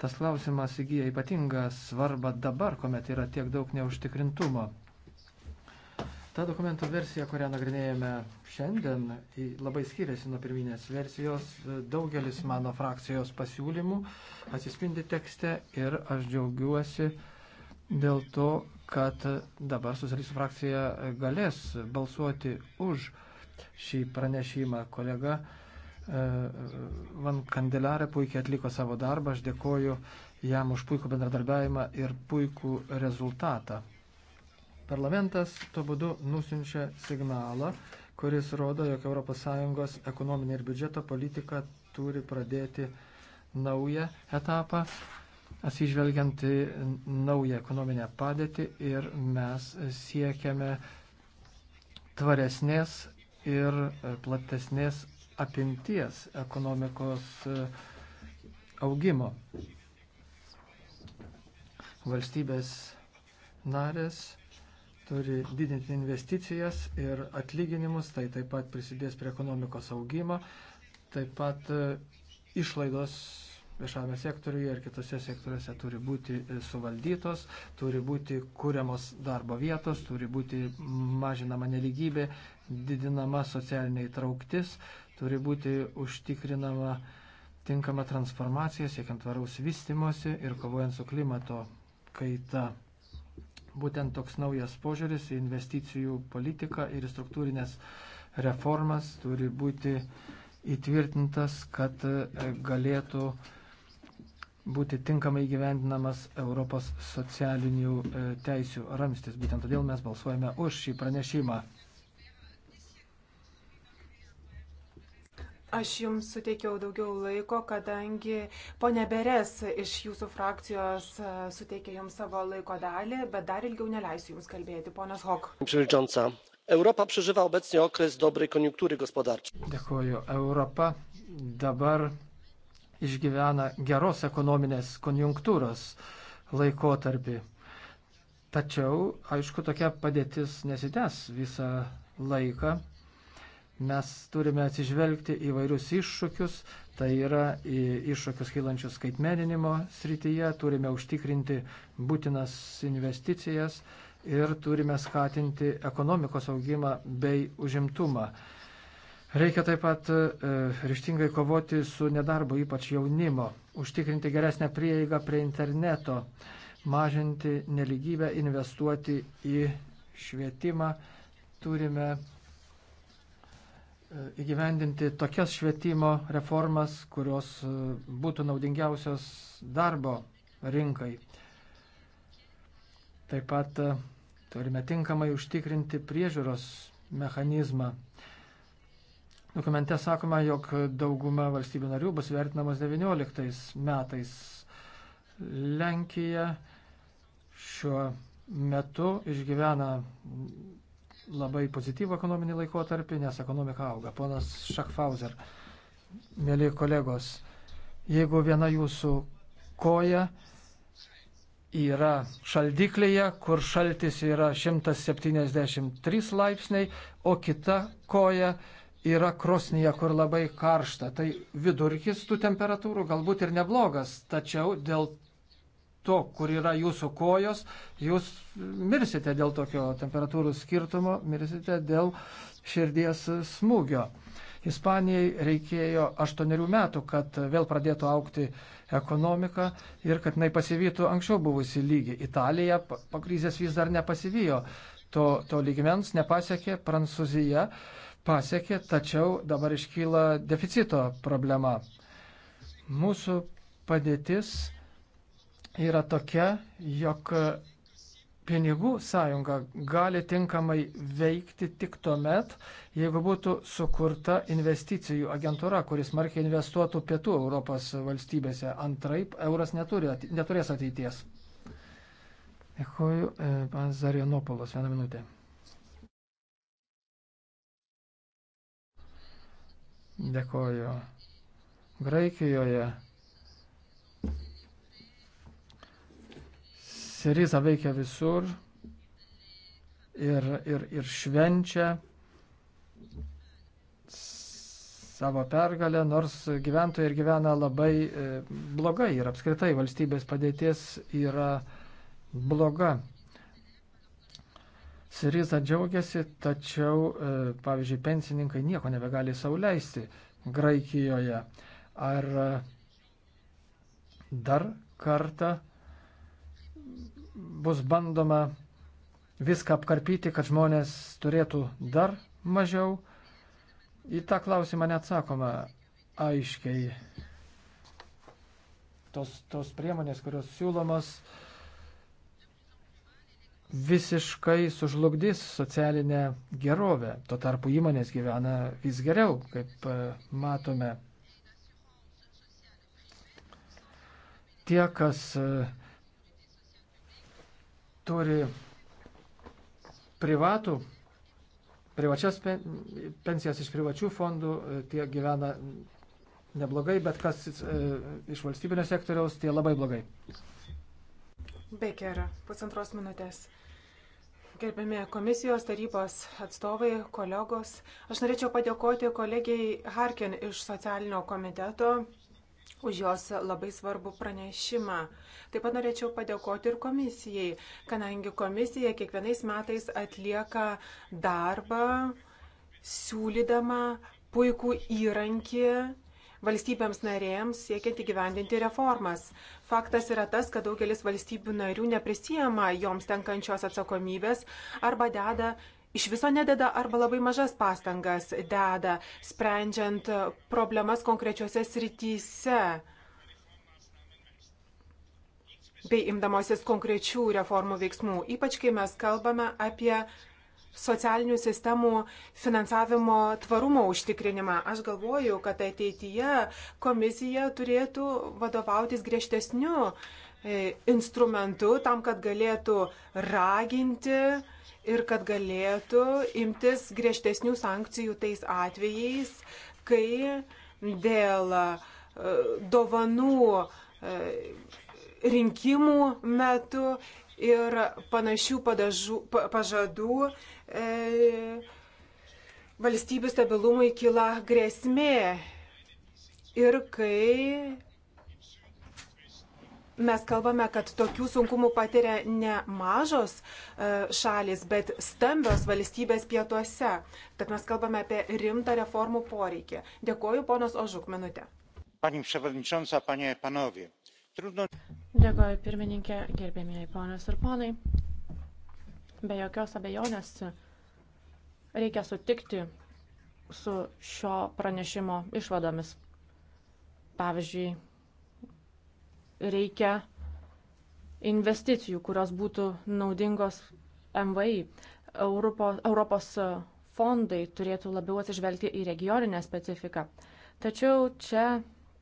tas klausimas įgyja ypatingą svarbą dabar, kuomet yra tiek daug neužtikrintumo. Ta dokumento versija, kurią nagrinėjame šiandien, labai skiriasi nuo pirminės versijos. Daugelis mano frakcijos pasiūlymų atsispindi tekste ir aš džiaugiuosi, dėl to, kad dabar socialistų frakcija galės balsuoti už šį pranešimą. Kolega e, Van Kandelarė puikiai atliko savo darbą. Aš dėkoju jam už puikų bendradarbiavimą ir puikų rezultatą. Parlamentas tuo būdu nusinčia signalą, kuris rodo, jog ES ekonominė ir biudžeto politika turi pradėti naują etapą atsižvelgiant į naują ekonominę padėtį ir mes siekiame tvaresnės ir platesnės apimties ekonomikos e, augimo. Valstybės narės turi didinti investicijas ir atlyginimus, tai taip pat prisidės prie ekonomikos augimo, taip pat e, išlaidos viešame sektoriuje ir kitose sektoriuose turi būti e, suvaldytos, turi būti kūriamos darbo vietos, turi būti mažinama neligybė, didinama socialinė įtrauktis, turi būti užtikrinama tinkama transformacija, siekiant tvaraus vystimosi ir kovojant su klimato kaita. Būtent toks naujas požiūris į investicijų politiką ir struktūrinės reformas turi būti įtvirtintas, kad e, galėtų uh, būti tinkamai gyvendinamas Europos socialinių e, teisių ramstis. Būtent todėl mes balsuojame už šį pranešimą. Aš jums suteikiau daugiau laiko, kadangi ponė Beres iš jūsų frakcijos e, suteikė jums savo laiko dalį, bet dar ilgiau neleisiu jums kalbėti, ponas Hok. Europa przeżywa obecnie okres dobrej koniunktury gospodarczej. Dėkuoju. Europa dabar išgyvena geros ekonominės konjunktūros laikotarpį. Tačiau, aišku, tokia padėtis nesitęs visą laiką. Mes turime atsižvelgti į vairius iššūkius, tai yra į iššūkius kylančius skaitmeninimo srityje, turime užtikrinti būtinas investicijas ir turime skatinti ekonomikos augimą bei užimtumą. Reikia taip pat e, ryštingai kovoti su nedarbu, ypač jaunimo, užtikrinti geresnę prieigą prie interneto, mažinti neligybę, investuoti į švietimą. Turime e, įgyvendinti tokias švietimo reformas, kurios e, būtų naudingiausios darbo rinkai. Taip pat turime tinkamai užtikrinti priežiūros mechanizmą Dokumente sakoma, jog dauguma valstybių narių bus vertinamos 19 metais. Lenkija šiuo metu išgyvena labai pozityvų ekonominį laikotarpį, nes ekonomika auga. Ponas Šakfauser, mėly kolegos, jeigu viena jūsų koja yra šaldiklėje, kur šaltis yra 173 laipsniai, o kita koja yra yra krosnyje, kur labai karšta, tai vidurkis tų temperatūrų galbūt ir neblogas, tačiau dėl to, kur yra jūsų kojos, jūs mirsite dėl tokio temperatūrų skirtumo, mirsite dėl širdies smūgio. Ispanijai reikėjo aštuonerių metų, kad vėl pradėtų aukti ekonomika ir kad jinai pasivytų anksčiau buvusi lygi. Italija po krizės vis dar nepasivijo to, to lygmens, nepasiekė Prancūzija. Uh, pasiekė, tačiau dabar iškyla deficito problema. Mūsų padėtis yra tokia, jog pinigų sąjunga gali tinkamai veikti tik tuo met, jeigu būtų sukurta investicijų agentūra, kuris markiai investuotų pietų Europos valstybėse. Antraip, euras neturi, neturės ateities. Dėkuoju, e, panas Zarianopolas, vieną minutę. Dėkoju. Graikijoje Siriza veikia visur ir, ir, ir švenčia savo pergalę, nors gyventojai ir gyvena labai e, blogai ir apskritai valstybės padėties yra bloga. Siriza džiaugiasi, tačiau, e, pavyzdžiui, pensininkai nieko nebegali sauliaisti Graikijoje. Ar e, dar kartą bus bandoma viską apkarpyti, kad žmonės turėtų dar mažiau? Į tą klausimą neatsakoma aiškiai. Tos, tos priemonės, kurios siūlomos, uh, visiškai sužlugdys socialinę gerovę. Tuo tarpu įmonės gyvena vis geriau, kaip e, matome. Tie, kas e, turi privatų, privačias pensijas iš privačių fondų, e, tie gyvena neblogai, bet kas iš valstybinio sektoriaus, tie labai blogai. Becker, pusantros minutės. Gerbiami komisijos tarybos atstovai, kolegos, aš norėčiau padėkoti kolegijai Harkin iš socialinio komiteto už jos labai svarbų pranešimą. Taip pat norėčiau padėkoti ir komisijai, kadangi komisija kiekvienais metais atlieka darbą, siūlydama puikų įrankį valstybėms narėms siekiant įgyvendinti reformas. Faktas yra tas, kad daugelis valstybių narių neprisijama joms tenkančios atsakomybės arba deda iš viso nededa arba labai mažas pastangas deda, sprendžiant problemas konkrečiose srityse bei imdamosis konkrečių reformų veiksmų, ypač kai mes kalbame apie socialinių sistemų finansavimo tvarumo užtikrinimą. Aš galvoju, kad ateityje komisija turėtų vadovautis griežtesniu e, instrumentu tam, kad galėtų raginti ir kad galėtų imtis griežtesnių sankcijų tais atvejais, kai dėl e, dovanų e, rinkimų metu ir panašių padažų, pažadų E, valstybių stabilumui kyla grėsmė. Ir kai mes kalbame, kad tokių sunkumų patiria ne mažos e, šalis, bet stambios valstybės pietuose. Tad mes kalbame apie rimtą reformų poreikį. Dėkoju, ponas Ožuk, minutę. Pani Przewodnicząca, panie, panowie. Trudno... Dėkoju, pirmininkė, gerbėmiai ponas ir ponai. Be jokios abejonės reikia sutikti su šio pranešimo išvadomis. Pavyzdžiui, reikia investicijų, kurios būtų naudingos MVI. Europo, Europos fondai turėtų labiau atsižvelgti į regioninę specifiką. Tačiau čia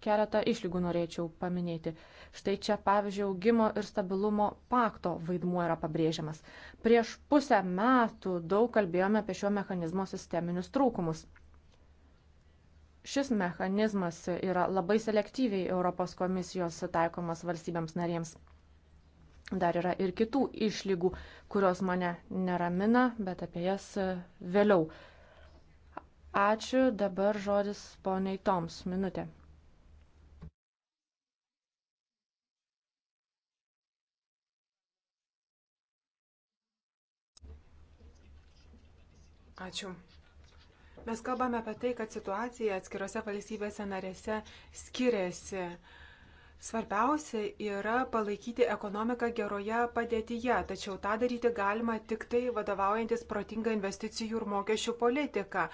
keletą išlygų norėčiau paminėti. Štai čia, pavyzdžiui, augimo ir stabilumo pakto vaidmuo yra pabrėžiamas. Prieš pusę metų daug kalbėjome apie šio mechanizmo sisteminius trūkumus. Šis mechanizmas yra labai selektyviai Europos komisijos taikomas valstybėms narėms. Dar yra ir kitų išlygų, kurios mane neramina, bet apie jas vėliau. Ačiū, dabar žodis poniai Toms, minutė. Ačiū. Mes kalbame apie tai, kad situacija atskirose valstybėse narėse skiriasi. Svarbiausia yra palaikyti ekonomiką geroje padėtyje, tačiau tą daryti galima tik tai vadovaujantis protingą investicijų ir mokesčių politiką.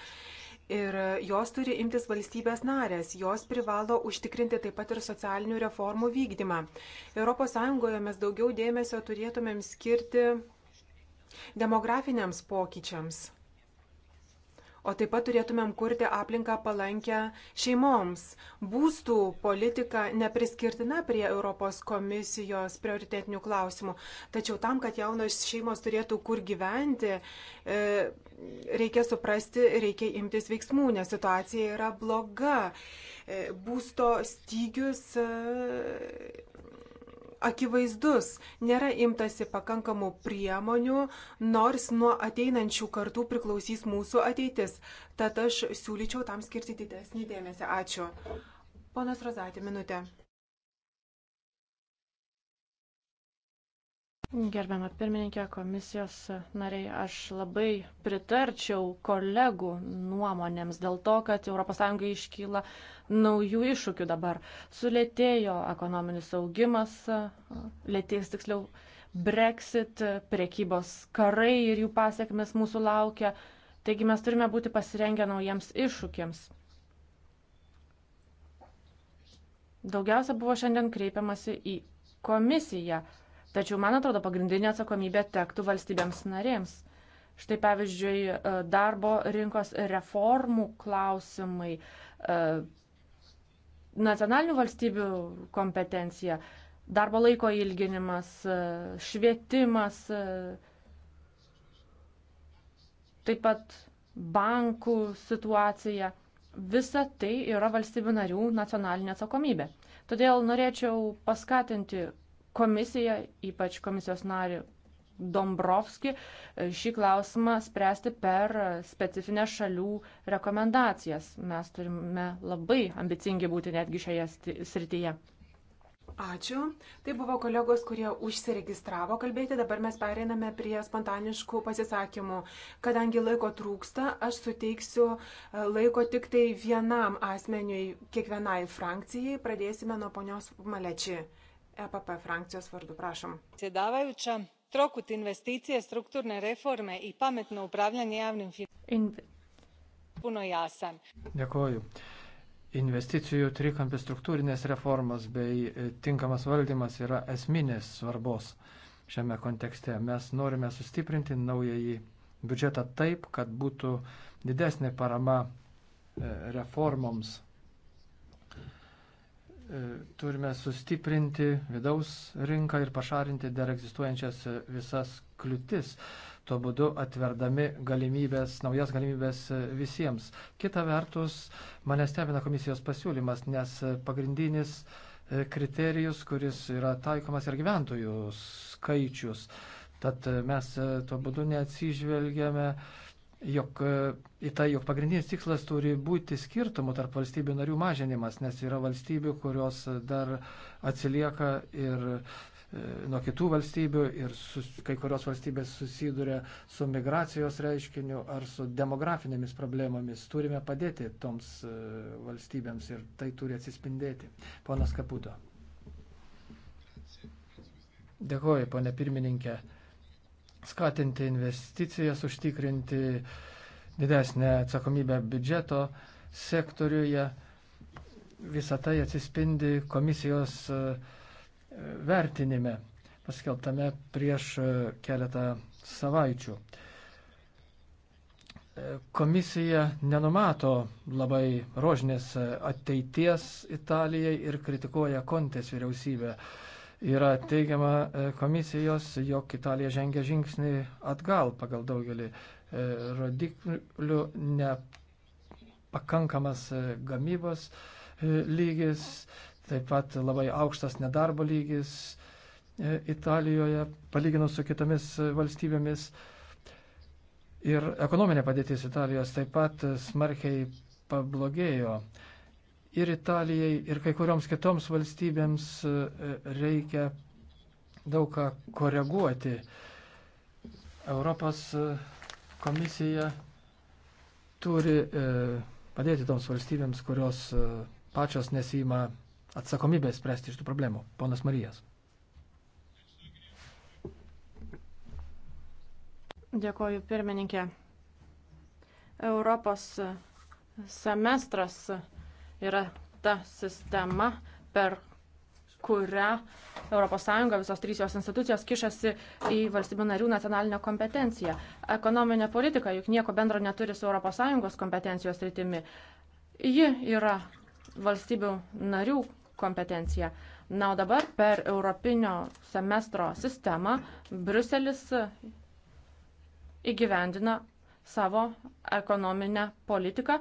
Ir jos turi imtis valstybės narės, jos privalo užtikrinti taip pat ir socialinių reformų vykdymą. ES mes daugiau dėmesio turėtumėm skirti demografiniams pokyčiams. O taip pat turėtumėm kurti aplinką palankę šeimoms. Būstų politika nepriskirtina prie Europos komisijos prioritetinių klausimų. Tačiau tam, kad jaunos šeimos turėtų kur gyventi, e, reikia suprasti, reikia imtis veiksmų, nes situacija yra bloga. E, būsto stygius e, akivaizdus. Nėra imtasi pakankamų priemonių, nors nuo ateinančių kartų priklausys mūsų ateitis. Tad aš siūlyčiau tam skirti didesnį dėmesį. Ačiū. Ponas Rozatė, minutė. Gerbiamą pirmininkę, komisijos nariai, aš labai pritarčiau kolegų nuomonėms dėl to, kad ES iškyla naujų iššūkių dabar. Sulėtėjo ekonominis augimas, lėtės tiksliau Brexit, priekybos karai ir jų pasiekmes mūsų laukia. Taigi mes turime būti pasirengę naujiems iššūkiams. Daugiausia buvo šiandien kreipiamasi į komisiją Tačiau, man atrodo, pagrindinė atsakomybė tektų valstybėms narėms. Štai pavyzdžiui, e, darbo rinkos reformų klausimai, e, nacionalinių valstybių kompetencija, darbo laiko ilginimas, e, švietimas, taip pat bankų situacija. Visa tai yra valstybių narių nacionalinė atsakomybė. Todėl norėčiau paskatinti komisiją, ypač komisijos narių Dombrovski, e, šį klausimą spręsti per specifines šalių rekomendacijas. Mes turime labai ambicingi būti netgi šioje srityje. Ačiū. Tai buvo kolegos, kurie užsiregistravo kalbėti. Dabar mes pereiname prie spontaniškų pasisakymų. Kadangi laiko trūksta, aš suteiksiu e, laiko tik tai vienam asmeniui, kiekvienai frakcijai. Pradėsime nuo ponios Malečiai. EPP frakcijos vardu, prašom. Sėdavaujučia, trokut investicije, struktūrinė reforme į pametną upravljanį javnim finansavimą. Puno jasan. Dėkoju. Investicijų trikampis struktūrinės reformos bei e, tinkamas valdymas yra esminės svarbos šiame kontekste. Mes norime sustiprinti naująjį biudžetą taip, kad būtų didesnė parama e, reformoms E, turime sustiprinti vidaus rinką ir pašalinti dar egzistuojančias visas kliūtis, tuo būdu atverdami galimybės, naujas galimybės visiems. Kita vertus, mane stebina komisijos pasiūlymas, nes pagrindinis e, kriterijus, kuris yra taikomas ir gyventojų skaičius. Tad mes e, tuo būdu neatsižvelgiame uh, jog e, į tai, jog pagrindinis tikslas turi būti skirtumų tarp valstybių narių mažinimas, nes yra valstybių, kurios dar atsilieka ir e, nuo kitų valstybių ir sus, kai kurios valstybės susiduria su migracijos reiškiniu ar su demografinėmis problemomis. Turime padėti toms e, valstybėms ir tai turi atsispindėti. Ponas Kaputo. Dėkuoju, ponė pirmininkė skatinti investicijas, užtikrinti didesnę atsakomybę biudžeto sektoriuje. Visą tai atsispindi komisijos e, vertinime, paskelbtame prieš e, keletą savaičių. E, komisija nenumato labai rožinės ateities Italijai ir kritikuoja Kontės vyriausybę Yra teigiama e, komisijos, jog Italija žengia žingsnį atgal pagal daugelį e, rodiklių, nepakankamas e, gamybos lygis, taip pat labai aukštas nedarbo lygis Italijoje, palyginus su kitomis valstybėmis. Ir ekonominė padėtis Italijos taip pat smarkiai pablogėjo ir Italijai, ir kai kurioms kitoms valstybėms e, reikia daug ką koreguoti. Europos e, komisija turi e, padėti toms valstybėms, kurios pačios nesima atsakomybės spręsti iš tų problemų. Ponas Marijas. Dėkoju, pirmininkė. Europos semestras yra ta sistema, per kurią ES visos trys jos institucijos kišasi į valstybių narių nacionalinę kompetenciją. Ekonominė politika juk nieko bendro neturi su ES kompetencijos rytimi. Ji yra valstybių narių kompetencija. Na, o dabar per Europinio semestro sistemą Bruselis įgyvendina savo ekonominę politiką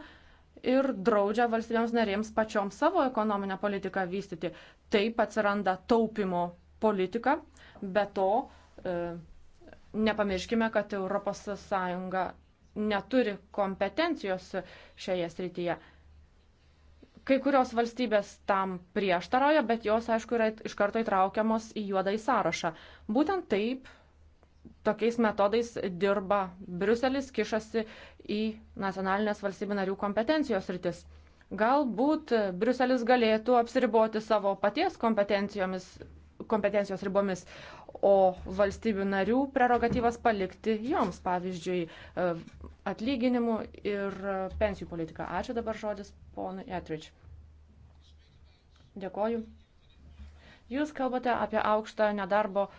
ir draudžia valstybėms narėms pačioms savo ekonominę politiką vystyti. Taip atsiranda taupimo politika, be to e, nepamirškime, kad ES neturi kompetencijos šioje srityje. Kai kurios valstybės tam prieštarauja, bet jos, aišku, yra iš karto įtraukiamos į juodąjį sąrašą. Būtent taip tokiais metodais dirba Briuselis, kišasi į nacionalinės valstybių narių kompetencijos rytis. Galbūt Briuselis galėtų apsiriboti savo paties kompetencijomis kompetencijos ribomis, o valstybių narių prerogatyvas palikti joms, pavyzdžiui, atlyginimų ir pensijų politiką. Ačiū dabar žodis ponui Etrič. Dėkoju. Jūs kalbate apie aukštą nedarbo uh,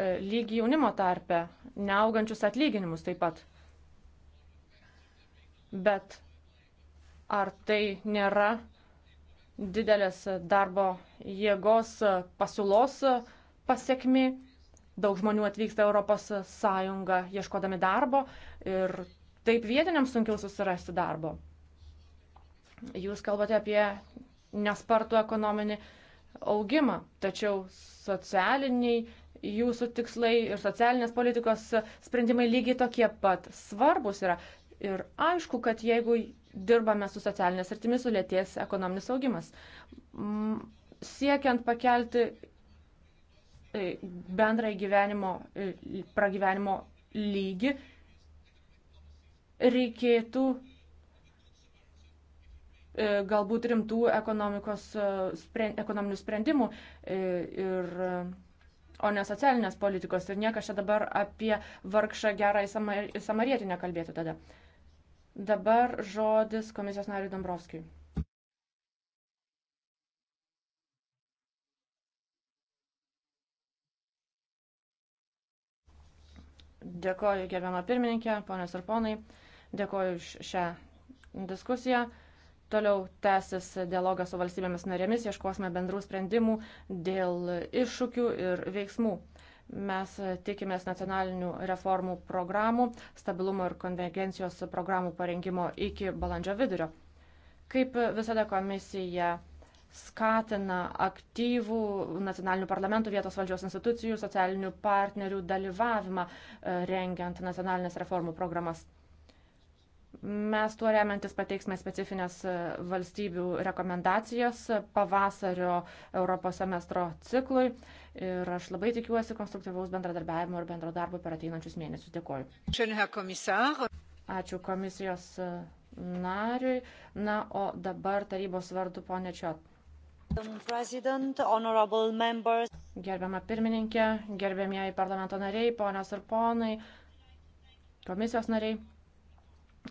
lygį jaunimo tarpe, neaugančius atlyginimus taip pat. Bet ar tai nėra didelės darbo jėgos pasiūlos pasiekmi? Daug žmonių atvyksta Europos Sąjungą ieškodami darbo ir taip vietiniams sunkiau susirasti darbo. Jūs kalbate apie nespartų ekonominį augimą, tačiau socialiniai jūsų tikslai ir socialinės politikos sprendimai lygiai tokie pat svarbus yra. Ir aišku, kad jeigu dirbame su socialinės artimis, sulėties ekonominis augimas. Siekiant pakelti e, bendrai gyvenimo, e, pragyvenimo lygį, reikėtų e, galbūt rimtų ekonomikos, spren, ekonominių sprendimų ir o ne socialinės politikos. Ir niekas čia dabar apie vargšą gerą samarietį nekalbėtų tada. Dabar žodis komisijos nariui Dombrovskijui. Dėkoju gerbiamą pirmininkę, ponės ir ponai. Dėkoju už šią diskusiją. Toliau tęsis dialogas su valstybėmis narėmis, ieškosime bendrų sprendimų dėl iššūkių ir veiksmų. Mes tikimės nacionalinių reformų programų, stabilumo ir konvergencijos programų parengimo iki balandžio vidurio. Kaip visada komisija skatina aktyvų nacionalinių parlamentų, vietos valdžios institucijų, socialinių partnerių dalyvavimą e, rengiant nacionalinės reformų programas. Mes tuo remiantis pateiksime specifines e, valstybių rekomendacijas pavasario Europos semestro ciklui ir aš labai tikiuosi konstruktyvaus bendradarbiavimo ir bendro darbo per ateinančius mėnesius. Dėkuoju. Ačiū komisijos e, nariui. Na, o dabar tarybos vardu ponė Čiot. Gerbiama pirmininkė, gerbėmieji parlamento nariai, ponios ir ponai, komisijos nariai.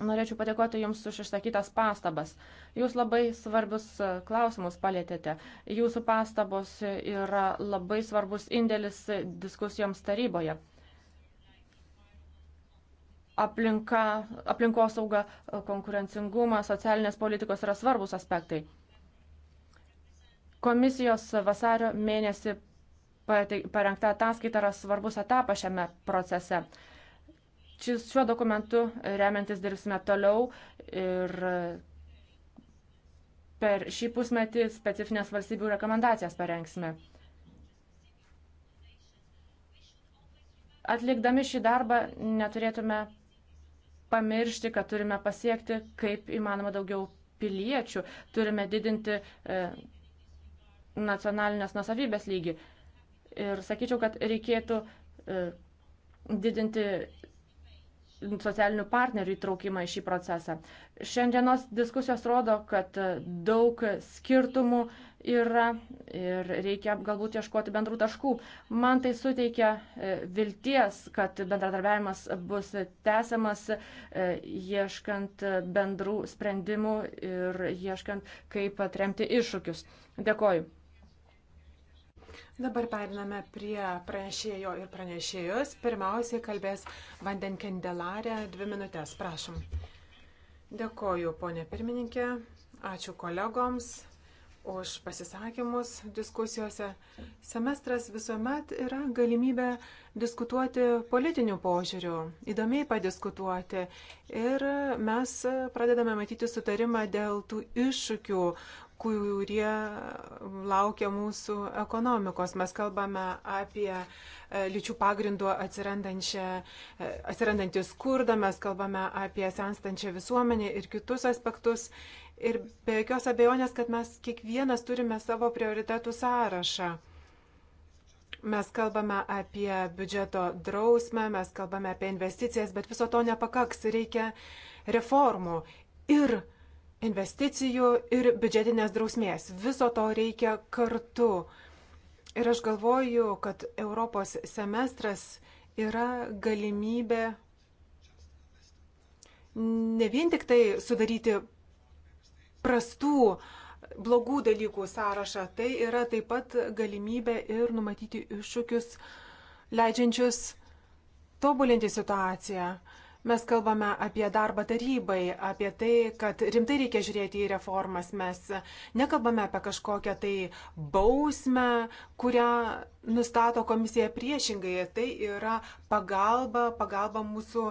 Norėčiau padėkoti Jums už išsakytas pastabas. Jūs labai svarbius e, klausimus palėtėte. Jūsų pastabos yra labai svarbus indėlis e, diskusijoms taryboje. Aplinka, aplinkosauga, e, konkurencingumas, socialinės politikos yra svarbus aspektai. Komisijos vasario mėnesį parengta ataskaita yra svarbus etapas šiame procese. Šis, šiuo dokumentu remiantis dirbsime toliau ir per šį pusmetį specifines valstybių rekomendacijas parengsime. Atlikdami šį darbą neturėtume pamiršti, kad turime pasiekti kaip įmanoma daugiau piliečių, turime didinti e, nacionalinės nusavybės lygį. Ir sakyčiau, kad reikėtų e, didinti socialinių partnerių įtraukimą į šį procesą. Šiandienos diskusijos rodo, kad daug skirtumų yra ir reikia galbūt ieškoti bendrų taškų. Man tai suteikia e, vilties, kad bendradarbiavimas bus tęsiamas, e, ieškant bendrų sprendimų ir ieškant, kaip atremti iššūkius. Dėkoju. Dabar periname prie pranešėjo ir pranešėjos. Pirmiausiai kalbės vandenkendelarė dvi minutės. Prašom. Dėkoju, ponė pirmininkė. Ačiū kolegoms už pasisakymus diskusijose. Semestras visuomet yra galimybė diskutuoti politinių požiūrių, įdomiai padiskutuoti. Ir mes pradedame matyti sutarimą dėl tų iššūkių, kurie laukia mūsų ekonomikos. Mes kalbame apie e, lyčių pagrindų e, atsirandantį skurdą, mes kalbame apie senstančią visuomenę ir kitus aspektus. Ir be jokios abejonės, kad mes kiekvienas turime savo prioritetų sąrašą. Mes kalbame apie biudžeto drausmę, mes kalbame apie investicijas, bet viso to nepakaks, reikia reformų. Ir investicijų ir biudžetinės drausmės. Viso to reikia kartu. Ir aš galvoju, kad Europos semestras yra galimybė ne vien tik tai sudaryti prastų, blogų dalykų sąrašą, tai yra taip pat galimybė ir numatyti iššūkius, leidžiančius tobulinti situaciją. Mes kalbame apie darbą tarybai, apie tai, kad rimtai reikia žiūrėti į reformas. Mes nekalbame apie kažkokią tai bausmę, kurią nustato komisija priešingai. Tai yra pagalba, pagalba mūsų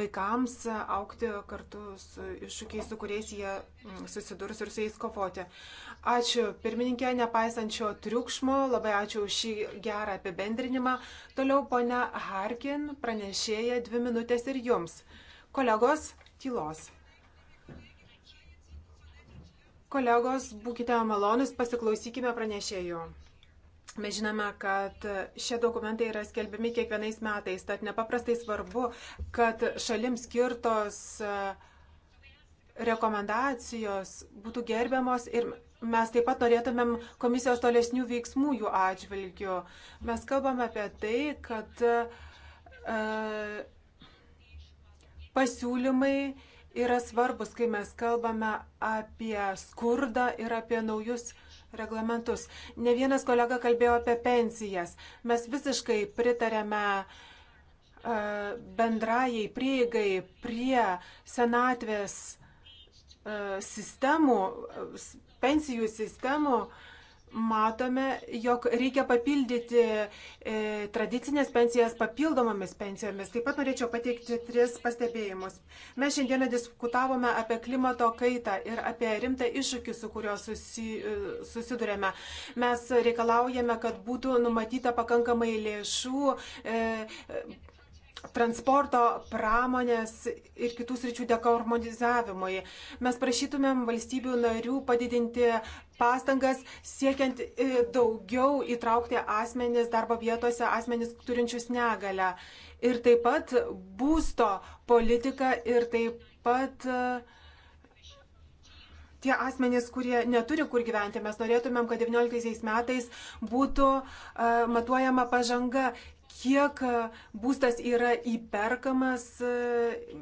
vaikams aukti kartu su iššūkiais, su kuriais jie mm, susidurs ir su jais kovoti. Ačiū pirmininkė, nepaisančio triukšmo, labai ačiū už šį gerą apibendrinimą. Toliau ponia Harkin pranešėja dvi minutės ir jums. Kolegos, tylos. Kolegos, būkite malonus, pasiklausykime pranešėjų. Mes žinome, kad šie dokumentai yra skelbiami kiekvienais metais, tad nepaprastai svarbu, kad šalims skirtos e, rekomendacijos būtų gerbiamos ir mes taip pat norėtumėm komisijos tolesnių veiksmų jų atžvilgių. Mes kalbame apie tai, kad e, pasiūlymai yra svarbus, kai mes kalbame apie skurdą ir apie naujus reglamentus. Ne vienas kolega kalbėjo apie pensijas. Mes visiškai pritarėme e, bendrajai prieigai prie senatvės e, sistemų, pensijų sistemų matome, jog reikia papildyti e, tradicinės pensijas papildomomis pensijomis. Taip pat norėčiau pateikti tris pastebėjimus. Mes šiandieną diskutavome apie klimato kaitą ir apie rimtą iššūkį, su kuriuo susi, e, susidurėme. Mes reikalaujame, kad būtų numatyta pakankamai lėšų. E, transporto, pramonės ir kitų sričių dekarbonizavimui. Mes prašytumėm valstybių narių padidinti pastangas siekiant e, daugiau įtraukti asmenis darbo vietose, asmenis turinčius negalę. Ir taip pat būsto politika ir taip pat e, tie asmenys, kurie neturi kur gyventi. Mes norėtumėm, kad 19 metais būtų e, matuojama pažanga kiek e, būstas yra įperkamas e,